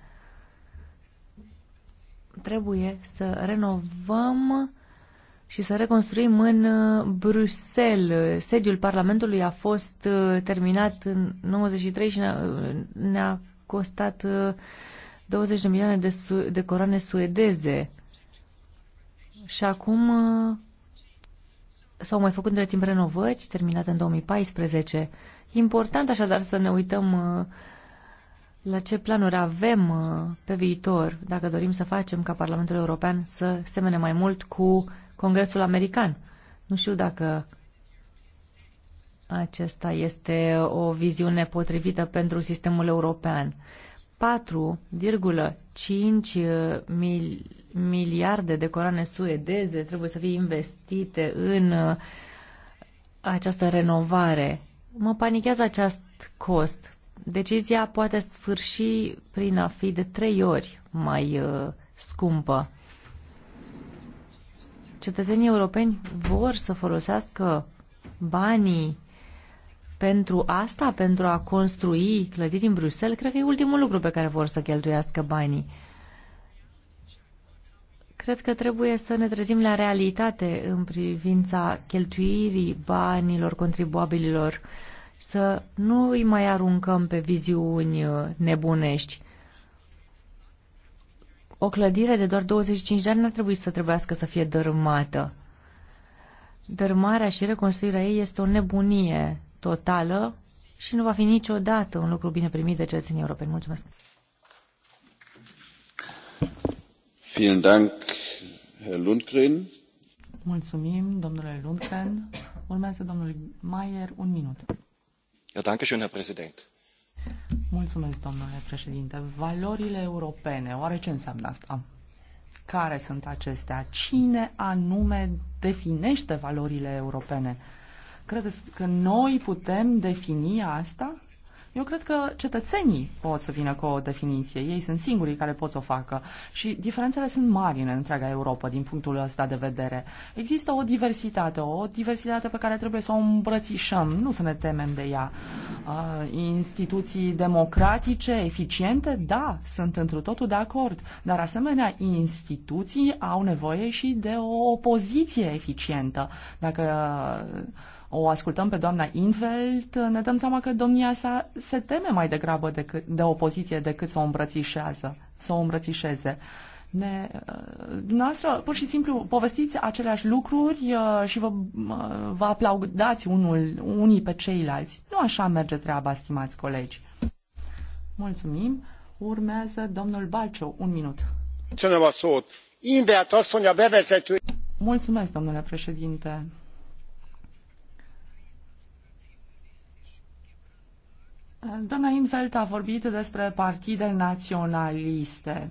Trebuie să renovăm și să reconstruim în uh, Bruxelles. Sediul Parlamentului a fost uh, terminat în 93 și ne-a costat 20 de milioane de, de coroane suedeze. Și acum S-au mai făcut între timp renovări, terminate în 2014. Important așadar să ne uităm uh, la ce planuri avem uh, pe viitor, dacă dorim să facem ca Parlamentul European să semene mai mult cu Congresul American. Nu știu dacă acesta este o viziune potrivită pentru sistemul european. 4,5 uh, mil miliarde de coroane suedeze trebuie să fie investite în uh, această renovare. Mă panichează acest cost. Decizia poate sfârși prin a fi de trei ori mai uh, scumpă. Cetățenii europeni vor să folosească banii pentru asta, pentru a construi clădiri în Bruxelles, cred că e ultimul lucru pe care vor să cheltuiască banii. Cred că trebuie să ne trezim la realitate în privința cheltuirii banilor contribuabililor, să nu îi mai aruncăm pe viziuni uh, nebunești. O clădire de doar 25 de ani nu ar trebui să trebuiască să fie dărâmată. Dărâmarea și reconstruirea ei este o nebunie totală și nu va fi niciodată un lucru bine primit de cetățenii europeni. Mulțumesc! Mulțumim, domnule Lundgren. Urmează domnul Mayer, un minut. Ja, Herr Präsident. Mulțumesc, domnule președinte. Valorile europene, oare ce înseamnă asta? Care sunt acestea? Cine anume definește valorile europene? Credeți că noi putem defini asta? Eu cred că cetățenii pot să vină cu o definiție. Ei sunt singurii care pot să o facă. Și diferențele sunt mari în întreaga Europa din punctul ăsta de vedere. Există o diversitate, o diversitate pe care trebuie să o îmbrățișăm, nu să ne temem de ea. Uh, instituții democratice, eficiente, da, sunt întru totul de acord. Dar asemenea instituții au nevoie și de o opoziție eficientă. Dacă o ascultăm pe doamna Invelt, ne dăm seama că domnia sa se teme mai degrabă decât, de opoziție decât să o îmbrățișează, să o îmbrățișeze. Ne, uh, dumneavoastră, pur și simplu, povestiți aceleași lucruri uh, și vă, uh, vă aplaudați unul, unii pe ceilalți. Nu așa merge treaba, stimați colegi. Mulțumim. Urmează domnul Balcio. Un minut. Mulțumesc, domnule președinte. Doamna Invelt a vorbit despre partide naționaliste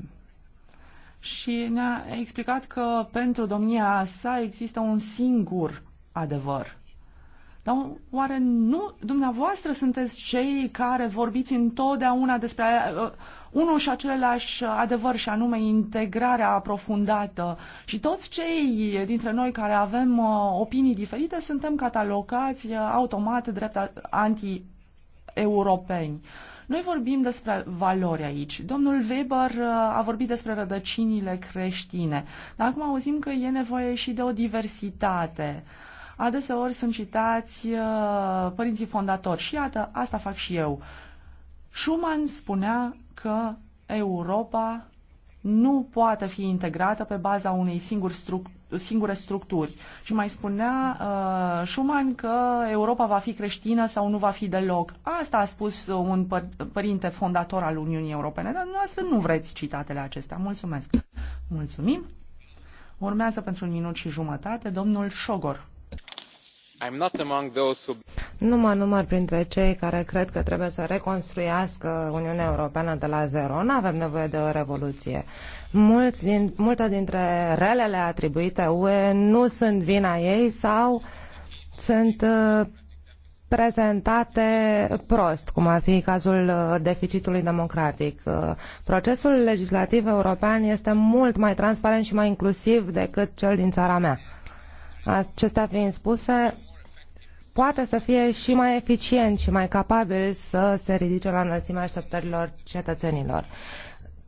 și ne-a explicat că pentru domnia sa există un singur adevăr. Dar oare nu dumneavoastră sunteți cei care vorbiți întotdeauna despre uh, unul și același adevăr și anume integrarea aprofundată și toți cei dintre noi care avem uh, opinii diferite suntem catalogați uh, automat drept anti europeni. Noi vorbim despre valori aici. Domnul Weber uh, a vorbit despre rădăcinile creștine, dar acum auzim că e nevoie și de o diversitate. Adeseori sunt citați uh, părinții fondatori și iată, asta fac și eu. Schumann spunea că Europa nu poate fi integrată pe baza unei singuri structuri singure structuri. Și mai spunea uh, Schumann că Europa va fi creștină sau nu va fi deloc. Asta a spus un păr- părinte fondator al Uniunii Europene, dar noastră nu vreți citatele acestea. Mulțumesc. Mulțumim. Urmează pentru un minut și jumătate domnul Șogor. Nu mă număr printre cei care cred că trebuie să reconstruiască Uniunea Europeană de la zero. Nu avem nevoie de o revoluție. Mulți din, multe dintre relele atribuite UE nu sunt vina ei sau sunt uh, prezentate prost, cum ar fi cazul uh, deficitului democratic. Uh, procesul legislativ european este mult mai transparent și mai inclusiv decât cel din țara mea. Acestea fiind spuse, poate să fie și mai eficient și mai capabil să se ridice la înălțimea așteptărilor cetățenilor.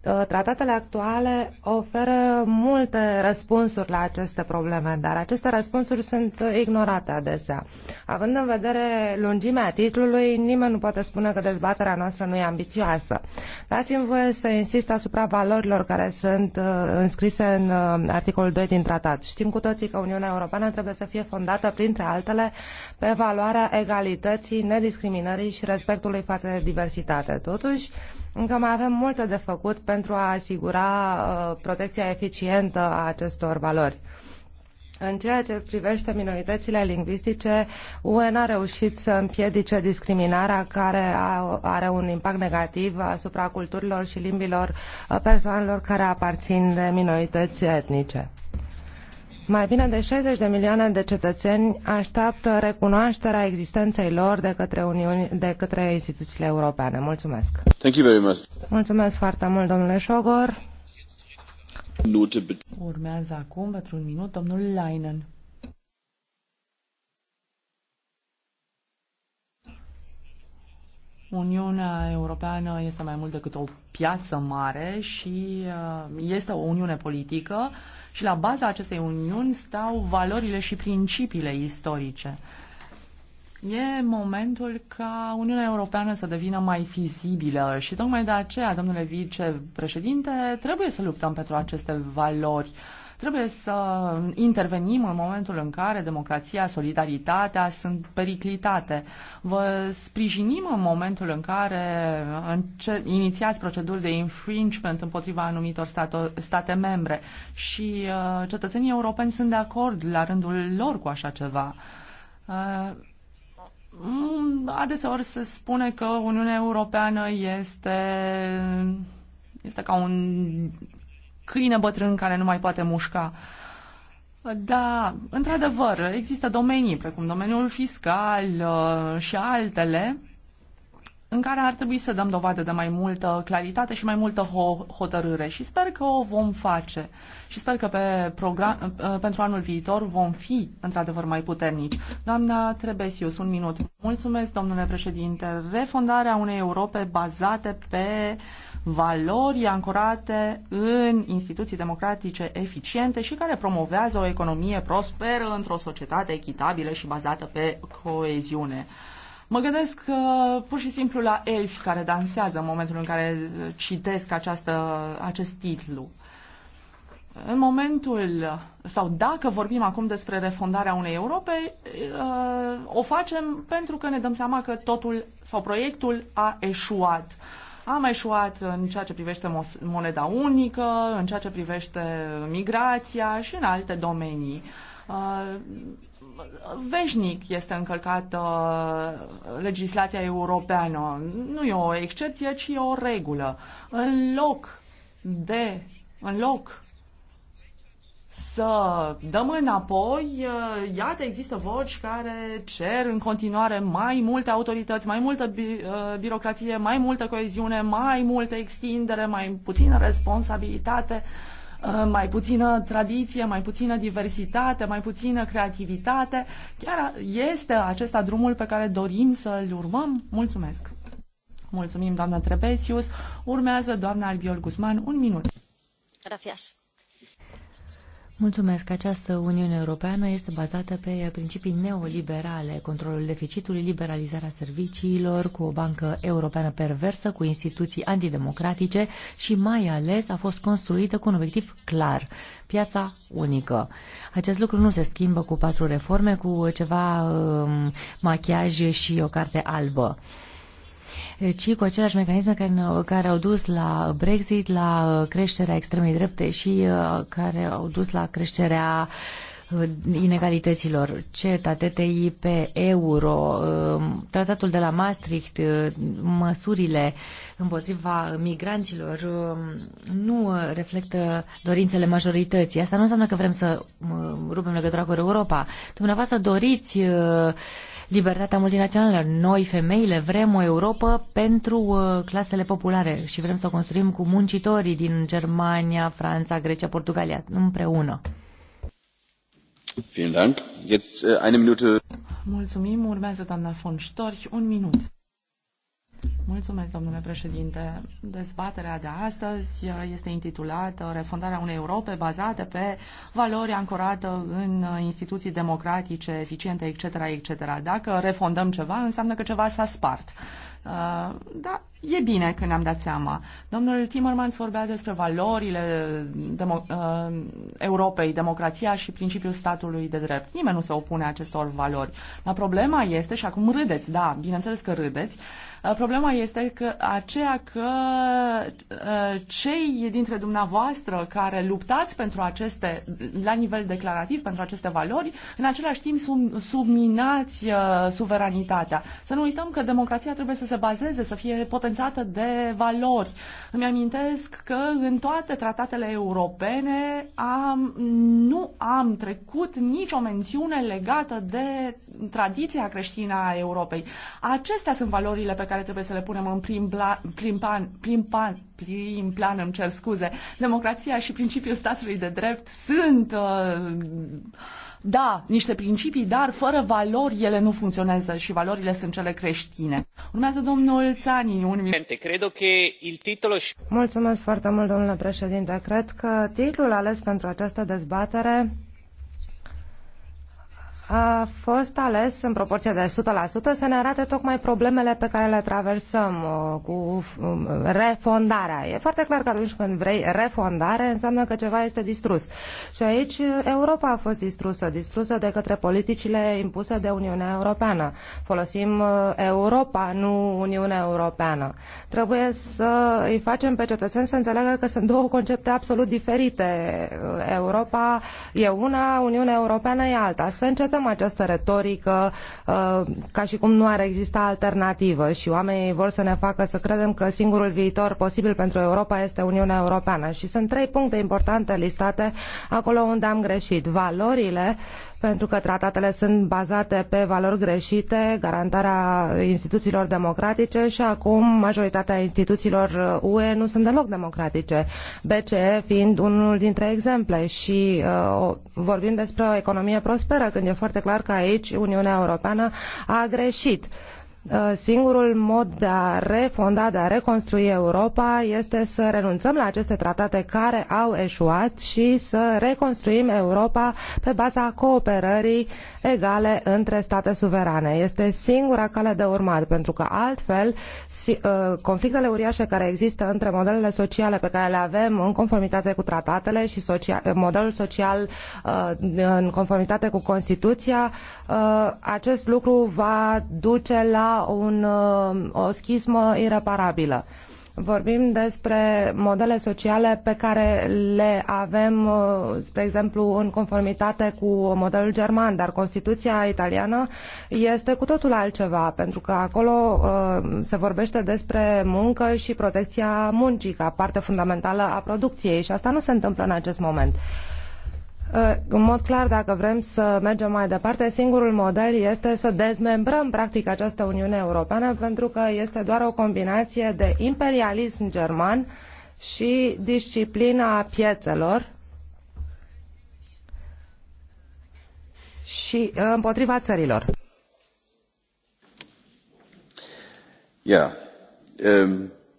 Uh, tratatele actuale oferă multe răspunsuri la aceste probleme, dar aceste răspunsuri sunt ignorate adesea. Având în vedere lungimea titlului, nimeni nu poate spune că dezbaterea noastră nu e ambițioasă. Dați-mi voie să insist asupra valorilor care sunt uh, înscrise în uh, articolul 2 din tratat. Știm cu toții că Uniunea Europeană trebuie să fie fondată, printre altele, pe valoarea egalității, nediscriminării și respectului față de diversitate. Totuși, încă mai avem multe de făcut pentru a asigura uh, protecția eficientă a acestor valori. În ceea ce privește minoritățile lingvistice, UN a reușit să împiedice discriminarea care are un impact negativ asupra culturilor și limbilor uh, persoanelor care aparțin de minorități etnice. Mai bine de 60 de milioane de cetățeni așteaptă recunoașterea existenței lor de către, Uniuni, de către instituțiile europene. Mulțumesc! Thank you very much. Mulțumesc foarte mult, domnule Șogor! Minute, Urmează acum, pentru un minut, domnul Leinen. Uniunea Europeană este mai mult decât o piață mare și uh, este o uniune politică și la baza acestei uniuni stau valorile și principiile istorice. E momentul ca Uniunea Europeană să devină mai vizibilă și tocmai de aceea, domnule vicepreședinte, trebuie să luptăm pentru aceste valori. Uh, Trebuie să intervenim în momentul în care democrația, solidaritatea sunt periclitate. Vă sprijinim în momentul în care inițiați proceduri de infringement împotriva anumitor stato- state membre și uh, cetățenii europeni sunt de acord la rândul lor cu așa ceva. Uh, adeseori se spune că Uniunea Europeană este este ca un câine bătrân care nu mai poate mușca. Da, într-adevăr, există domenii, precum domeniul fiscal uh, și altele, în care ar trebui să dăm dovadă de mai multă claritate și mai multă ho- hotărâre și sper că o vom face și sper că pe program, pentru anul viitor vom fi într-adevăr mai puternici. Doamna Trebesius, un minut. Mulțumesc, domnule președinte. Refondarea unei Europe bazate pe valori ancorate în instituții democratice eficiente și care promovează o economie prosperă într-o societate echitabilă și bazată pe coeziune. Mă gândesc uh, pur și simplu la elfi care dansează în momentul în care uh, citesc această, acest titlu. În momentul, sau dacă vorbim acum despre refondarea unei Europe, uh, o facem pentru că ne dăm seama că totul sau proiectul a eșuat. Am eșuat în ceea ce privește moneda unică, în ceea ce privește migrația și în alte domenii. Uh, veșnic este încălcată uh, legislația europeană. Nu e o excepție, ci e o regulă. În loc de, în loc să dăm înapoi, uh, iată, există voci care cer în continuare mai multe autorități, mai multă bi- uh, birocrație, mai multă coeziune, mai multă extindere, mai puțină responsabilitate. Uh, Uh, mai puțină tradiție, mai puțină diversitate, mai puțină creativitate. Chiar este acesta drumul pe care dorim să-l urmăm? Mulțumesc! Mulțumim, doamna Trebesius. Urmează doamna Albiol Guzman. Un minut. Gracias. Mulțumesc. Această Uniune Europeană este bazată pe principii neoliberale, controlul deficitului, liberalizarea serviciilor, cu o bancă europeană perversă, cu instituții antidemocratice și mai ales a fost construită cu un obiectiv clar, piața unică. Acest lucru nu se schimbă cu patru reforme, cu ceva um, machiaj și o carte albă ci cu aceleași mecanisme care, care au dus la Brexit, la uh, creșterea extremei drepte și uh, care au dus la creșterea uh, inegalităților. ce TTI pe euro, um, tratatul de la Maastricht, măsurile împotriva migranților um, nu reflectă dorințele majorității. Asta nu înseamnă că vrem să um, rupem legătura cu Europa. Dumneavoastră doriți libertatea multinațională. Noi, femeile, vrem o Europa pentru uh, clasele populare și vrem să o construim cu muncitorii din Germania, Franța, Grecia, Portugalia, împreună. Uh, Mulțumim. Urmează doamna von Storch. Un minut. Mulțumesc, domnule președinte. Dezbaterea de astăzi este intitulată Refondarea unei Europe bazate pe valori ancorată în instituții democratice, eficiente, etc., etc. Dacă refondăm ceva, înseamnă că ceva s-a spart. Uh, da, e bine că ne-am dat seama. Domnul Timmermans vorbea despre valorile demo- uh, Europei, democrația și principiul statului de drept. Nimeni nu se opune acestor valori. Dar problema este, și acum râdeți, da, bineînțeles că râdeți, uh, problema este că aceea că uh, cei dintre dumneavoastră care luptați pentru aceste, la nivel declarativ, pentru aceste valori, în același timp sub, subminați uh, suveranitatea. Să nu uităm că democrația trebuie să se bazeze, să fie potențată de valori. Îmi amintesc că în toate tratatele europene am, nu am trecut nicio mențiune legată de tradiția creștină a Europei. Acestea sunt valorile pe care trebuie să le punem în prim, bla, prim, plan, prim, plan, prim plan, îmi cer scuze. Democrația și principiul statului de drept sunt uh, da, niște principii, dar fără valori ele nu funcționează și valorile sunt cele creștine. Urmează domnul Țani, un minut. Cred că il titolo... Mulțumesc foarte mult, domnule președinte. Cred că titlul ales pentru această dezbatere a fost ales în proporție de 100% să ne arate tocmai problemele pe care le traversăm uh, cu um, refondarea. E foarte clar că atunci când vrei refondare înseamnă că ceva este distrus. Și aici uh, Europa a fost distrusă, distrusă de către politicile impuse de Uniunea Europeană. Folosim uh, Europa, nu Uniunea Europeană. Trebuie să îi facem pe cetățeni să înțeleagă că sunt două concepte absolut diferite. Europa e una, Uniunea Europeană e alta. Să încetăm acceptăm această retorică uh, ca și cum nu ar exista alternativă și oamenii vor să ne facă să credem că singurul viitor posibil pentru Europa este Uniunea Europeană. Și sunt trei puncte importante listate acolo unde am greșit. Valorile pentru că tratatele sunt bazate pe valori greșite, garantarea instituțiilor democratice și acum majoritatea instituțiilor UE nu sunt deloc democratice, BCE fiind unul dintre exemple și uh, vorbim despre o economie prosperă, când e foarte clar că aici Uniunea Europeană a greșit. Uh, Uh, singurul mod de a refonda, de a reconstrui Europa este să renunțăm la aceste tratate care au eșuat și să reconstruim Europa pe baza cooperării egale între state suverane. Este singura cale de urmat, pentru că altfel uh, conflictele uriașe care există între modelele sociale pe care le avem în conformitate cu tratatele și social, modelul social uh, în conformitate cu Constituția Uh, acest lucru va duce la un, uh, o schismă ireparabilă. Vorbim despre modele sociale pe care le avem, uh, spre exemplu, în conformitate cu modelul german, dar Constituția italiană este cu totul altceva, pentru că acolo se vorbește despre muncă și protecția muncii ca parte fundamentală a producției și asta nu se întâmplă în acest moment. Uh, în mod clar, dacă vrem să mergem mai departe, singurul model este să dezmembrăm practic această Uniune Europeană, pentru că este doar o combinație de imperialism german și disciplina piețelor și uh, împotriva țărilor. Yeah. Um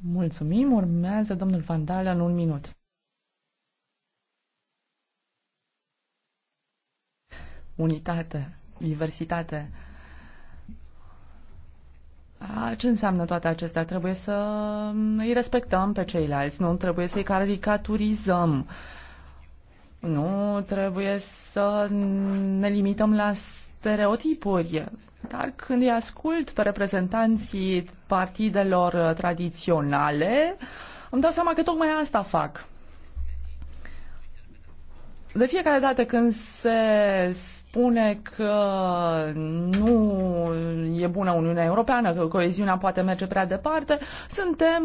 Mulțumim. Urmează domnul Vandala în un minut. Unitate, diversitate. Ce înseamnă toate acestea? Trebuie să îi respectăm pe ceilalți, nu trebuie să-i caricaturizăm, nu trebuie să ne limităm la stereotipuri, dar când îi ascult pe reprezentanții partidelor uh, tradiționale, îmi dau seama că tocmai asta fac. De fiecare dată când se spune că nu e bună Uniunea Europeană, că coeziunea poate merge prea departe, suntem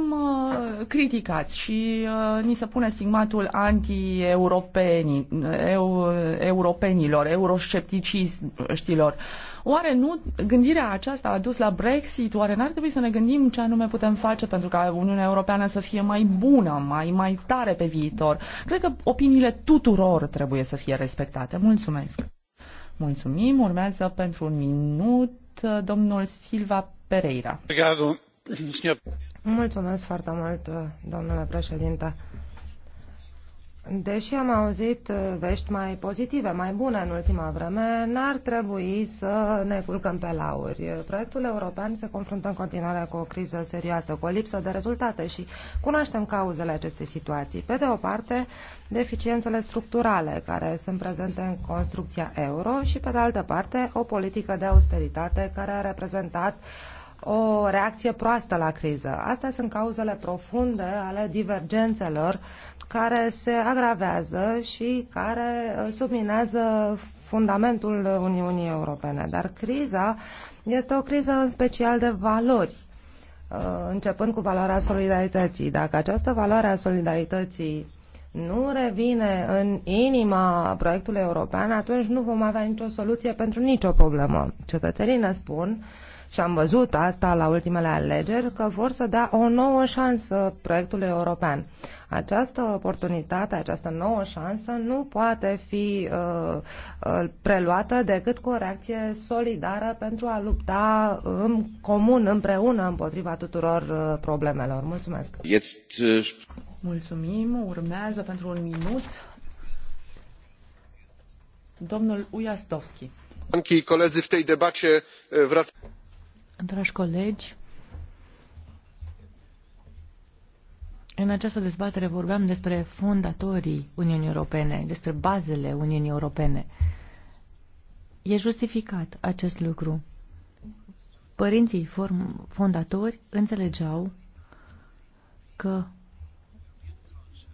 uh, criticați și uh, ni se pune stigmatul anti europenii eu, euroscepticiștilor. Oare nu gândirea aceasta a dus la Brexit? Oare n-ar trebui să ne gândim ce anume putem face pentru ca Uniunea Europeană să fie mai bună, mai, mai tare pe viitor? Cred că opiniile tuturor trebuie să fie respectate. Mulțumesc! Mulțumim. Urmează pentru un minut uh, domnul Silva Pereira. Mulțumesc foarte mult, uh, domnule președinte. Deși am auzit uh, vești mai pozitive, mai bune în ultima vreme, n-ar trebui să ne culcăm pe lauri. Proiectul european se confruntă în continuare cu o criză serioasă, cu o lipsă de rezultate și cunoaștem cauzele acestei situații. Pe de o parte, deficiențele structurale care sunt prezente în construcția euro și, pe de altă parte, o politică de austeritate care a reprezentat uh, o reacție proastă la criză. Astea sunt cauzele profunde ale divergențelor care se agravează și care uh, subminează fundamentul Uniunii Europene. Dar criza este o criză în special de valori, uh, începând cu valoarea solidarității. Dacă această valoare a solidarității nu revine în inima proiectului european, atunci nu vom avea nicio soluție pentru nicio problemă. Cetățenii ne spun și am văzut asta la ultimele alegeri, că vor să dea o nouă șansă proiectului european. Această oportunitate, această nouă șansă nu poate fi uh, uh preluată decât cu o reacție solidară pentru a lupta în comun, împreună, împotriva tuturor uh, problemelor. Mulțumesc! Uh, Mulțumim! Urmează pentru un minut domnul Ujasdowski. Koledzy, w tej debacie wracamy Dragi colegi, în această dezbatere vorbeam despre fondatorii Uniunii Europene, despre bazele Uniunii Europene. E justificat acest lucru. Părinții fondatori înțelegeau că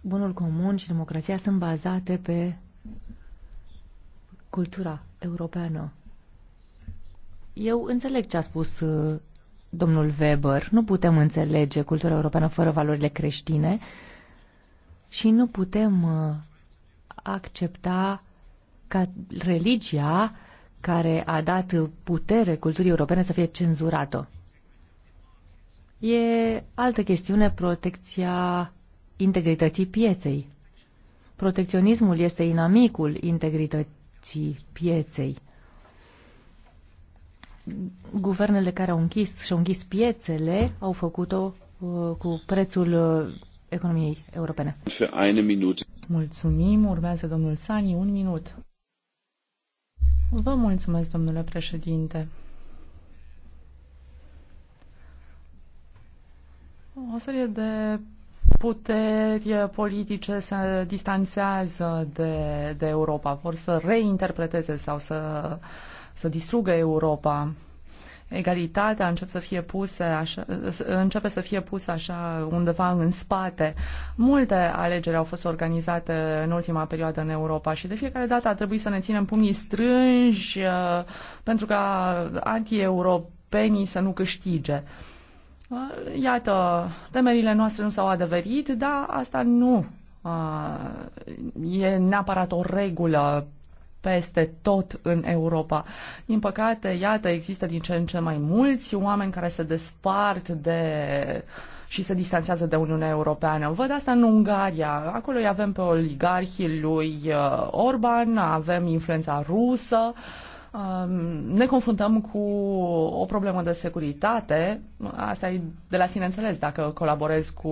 bunul comun și democrația sunt bazate pe cultura europeană. Eu înțeleg ce a spus uh, domnul Weber. Nu putem înțelege cultura europeană fără valorile creștine și nu putem uh, accepta ca religia care a dat putere culturii europene să fie cenzurată. E altă chestiune protecția integrității pieței. Protecționismul este inamicul integrității pieței guvernele care au închis și au închis piețele au făcut-o uh, cu prețul uh, economiei europene. Mulțumim. Urmează domnul Sani. Un minut. Vă mulțumesc, domnule președinte. O serie de puteri politice se distanțează de, de Europa, vor să reinterpreteze sau să uh, să distrugă Europa. Egalitatea începe să fie pusă așa, începe să fie pusă așa undeva în spate. Multe alegeri au fost organizate în ultima perioadă în Europa și de fiecare dată a trebuit să ne ținem pumnii strânși uh, pentru ca anti-europenii să nu câștige. Uh, iată, temerile noastre nu s-au adeverit, dar asta nu uh, e neapărat o regulă peste tot în Europa. Din păcate, iată, există din ce în ce mai mulți oameni care se despart de și se distanțează de Uniunea Europeană. Văd asta în Ungaria. Acolo îi avem pe oligarhii lui uh, Orban, avem influența rusă, uh, ne confruntăm cu o problemă de securitate. Asta e de la sine înțeles dacă colaborez cu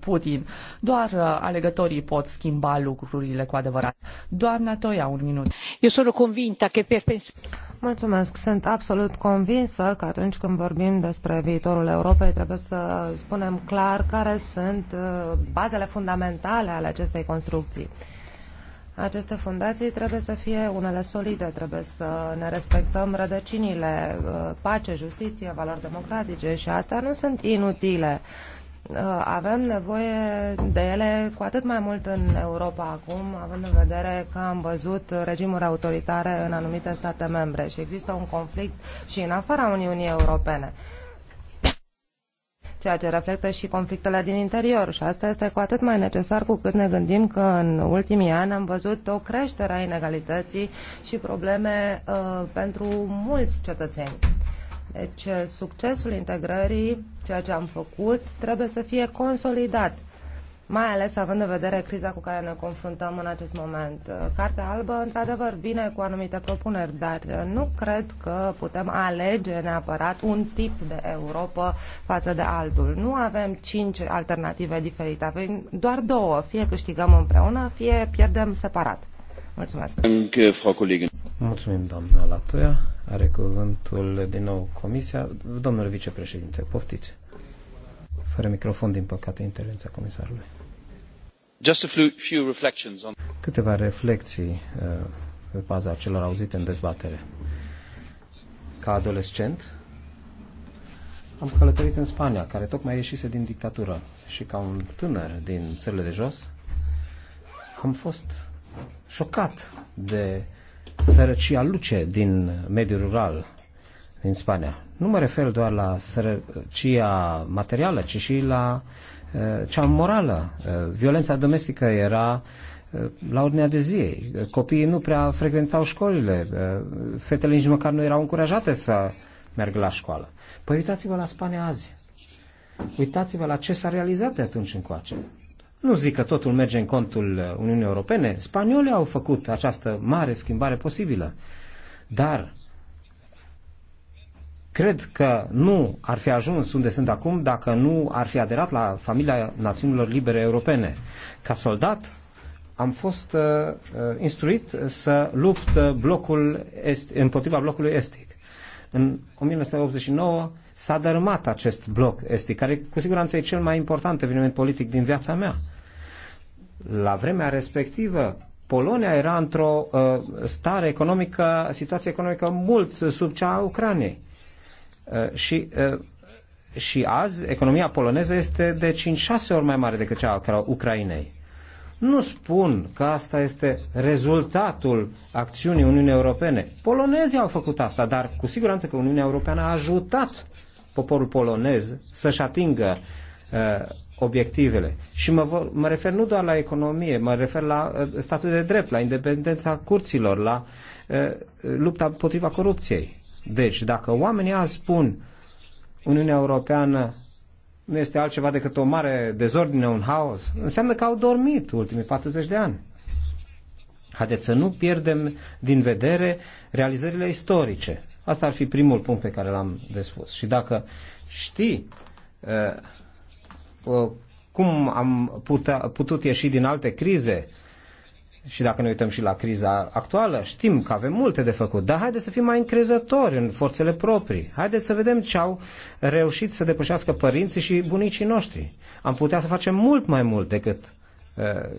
Putin. Doar uh, alegătorii pot schimba lucrurile cu adevărat. Doamna Toia, un minut. Eu sunt convinsă că pe Mulțumesc. Sunt absolut convinsă că atunci când vorbim despre viitorul Europei trebuie să spunem clar care sunt uh, bazele fundamentale ale acestei construcții. Aceste fundații trebuie să fie unele solide, trebuie să ne respectăm rădăcinile, uh, pace, justiție, valori democratice și astea nu sunt inutile. Uh, avem nevoie de ele cu atât mai mult în Europa acum, având în vedere că am văzut regimuri autoritare în anumite state membre și există un conflict și în afara Uniunii Europene ceea ce reflectă și conflictele din interior. Și asta este cu atât mai necesar cu cât ne gândim că în ultimii ani am văzut o creștere a inegalității și probleme uh, pentru mulți cetățeni. Deci succesul integrării, ceea ce am făcut, trebuie să fie consolidat mai ales având în vedere criza cu care ne confruntăm în acest moment. Uh, Cartea albă, într-adevăr, vine cu anumite propuneri, dar uh, nu cred că putem alege neapărat un tip de Europa față de altul. Nu avem cinci alternative diferite, avem doar două. Fie câștigăm împreună, fie pierdem separat. Mulțumesc. Mulțumim, doamna Latoia. Are cuvântul din nou Comisia. Domnul vicepreședinte, poftiți. Fără microfon, din păcate, intervenția comisarului. Câteva reflexii uh, pe baza celor auzite în dezbatere. Ca adolescent, am călătorit în Spania, care tocmai ieșise din dictatură. Și ca un tânăr din țările de jos, am fost șocat de sărăcia luce din mediul rural din Spania. Nu mă refer doar la sărăcia materială, ci și la Eh, cea morală. Eh, violența domestică era eh, la ordinea de zi. Copiii nu prea frecventau școlile, fetele nici măcar nu erau încurajate să meargă la școală. Păi uitați-vă la Spania azi. Uitați-vă la ce s-a realizat de atunci încoace. Nu zic că totul merge în contul Uniunii Europene. Spaniolii au făcut această mare schimbare posibilă. Dar Cred că nu ar fi ajuns unde sunt acum dacă nu ar fi aderat la familia Națiunilor Libere Europene. Ca soldat am fost uh, uh instruit să lupt blocul est, împotriva blocului estic. În 1989 s-a dărâmat acest bloc estic, care cu siguranță e cel mai important eveniment politic din viața mea. La vremea respectivă, Polonia era într-o uh, stare economică, situație economică mult sub cea a Ucrainei. Uh, și uh, și azi economia poloneză este de 5-6 ori mai mare decât cea a Ucrainei. Nu spun că asta este rezultatul acțiunii Uniunii Europene. Polonezii au făcut asta, dar cu siguranță că Uniunea Europeană a ajutat poporul polonez să-și atingă Uh, obiectivele. Și mă, vor, mă refer nu doar la economie, mă refer la uh, statul de drept, la independența curților, la uh, lupta împotriva corupției. Deci, dacă oamenii azi spun Uniunea Europeană nu este altceva decât o mare dezordine, un haos, înseamnă că au dormit ultimii 40 de ani. Haideți să nu pierdem din vedere realizările istorice. Asta ar fi primul punct pe care l-am de spus. Și dacă știi uh, Uh, cum am putea, putut ieși din alte crize și dacă ne uităm și la criza actuală, știm că avem multe de făcut, dar haideți să fim mai încrezători în forțele proprii. Haideți să vedem ce au reușit să depășească părinții și bunicii noștri. Am putea să facem mult mai mult decât uh,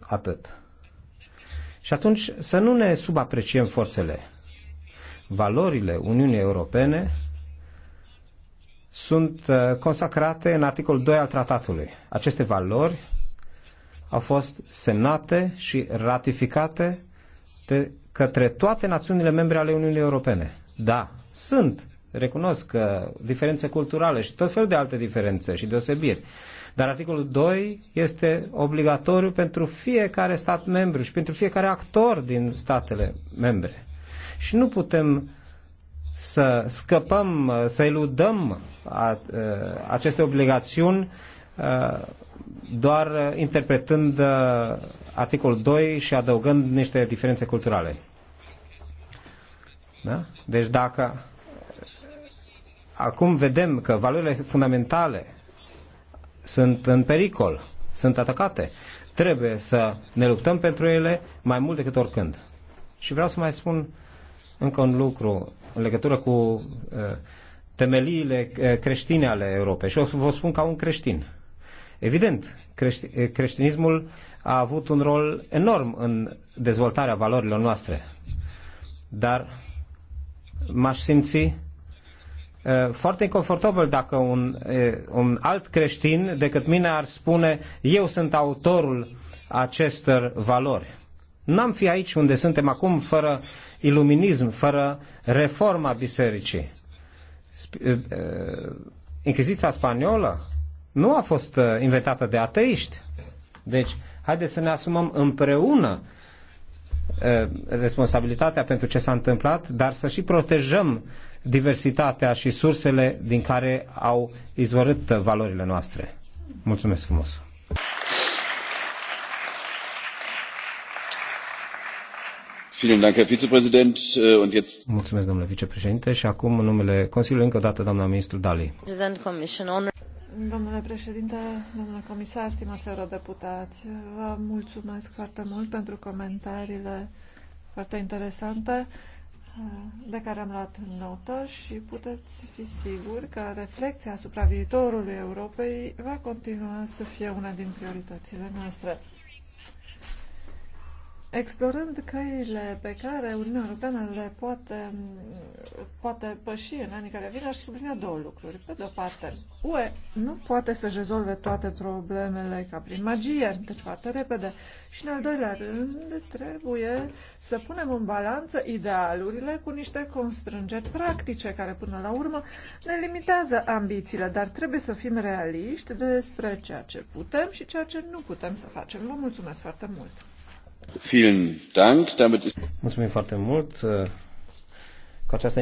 atât. Și atunci să nu ne subapreciem forțele. Valorile Uniunii Europene sunt uh, consacrate în articolul 2 al tratatului. Aceste valori au fost semnate și ratificate de către toate națiunile membre ale Uniunii Europene. Da, sunt, recunosc că diferențe culturale și tot felul de alte diferențe și deosebiri. Dar articolul 2 este obligatoriu pentru fiecare stat membru și pentru fiecare actor din statele membre. Și nu putem să scăpăm, să eludăm ă, aceste obligațiuni ă, doar interpretând ă, articolul 2 și adăugând niște diferențe culturale. Da? Deci dacă acum vedem că valorile fundamentale sunt în pericol, sunt atacate, trebuie să ne luptăm pentru ele mai mult decât oricând. Și vreau să mai spun încă un lucru în legătură cu uh, temeliile uh, creștine ale Europei. Și o să vă spun ca un creștin. Evident, uh, creștinismul a avut un rol enorm în dezvoltarea valorilor noastre. Dar m-aș simți foarte inconfortabil dacă un, un alt creștin decât mine ar spune eu sunt autorul acestor valori. N-am fi aici unde suntem acum fără iluminism, fără reforma bisericii. Inchiziția spaniolă nu a fost inventată de ateiști. Deci, haideți să ne asumăm împreună responsabilitatea pentru ce s-a întâmplat, dar să și protejăm diversitatea și sursele din care au izvorât valorile noastre. Mulțumesc frumos! Äh, mulțumesc, domnule vicepreședinte. Și acum, în numele Consiliului, încă o dată, doamna ministru Dali. Domnule președinte, domnule comisar, stimați eurodeputați, vă mulțumesc foarte mult pentru comentariile foarte interesante uh, de care am luat notă și puteți fi siguri că reflexia asupra viitorului Europei va continua să fie una din prioritățile noastre. Explorând căile pe care Uniunea Europeană le poate, poate păși în anii care vin, aș sublinia două lucruri. Pe de-o parte, UE nu poate să rezolve toate problemele ca prin magie, deci foarte repede. Și în al doilea rând, trebuie să punem în balanță idealurile cu niște constrângeri practice, care până la urmă ne limitează ambițiile, dar trebuie să fim realiști despre ceea ce putem și ceea ce nu putem să facem. Vă mulțumesc foarte mult! Mulțumim foarte mult. Cu această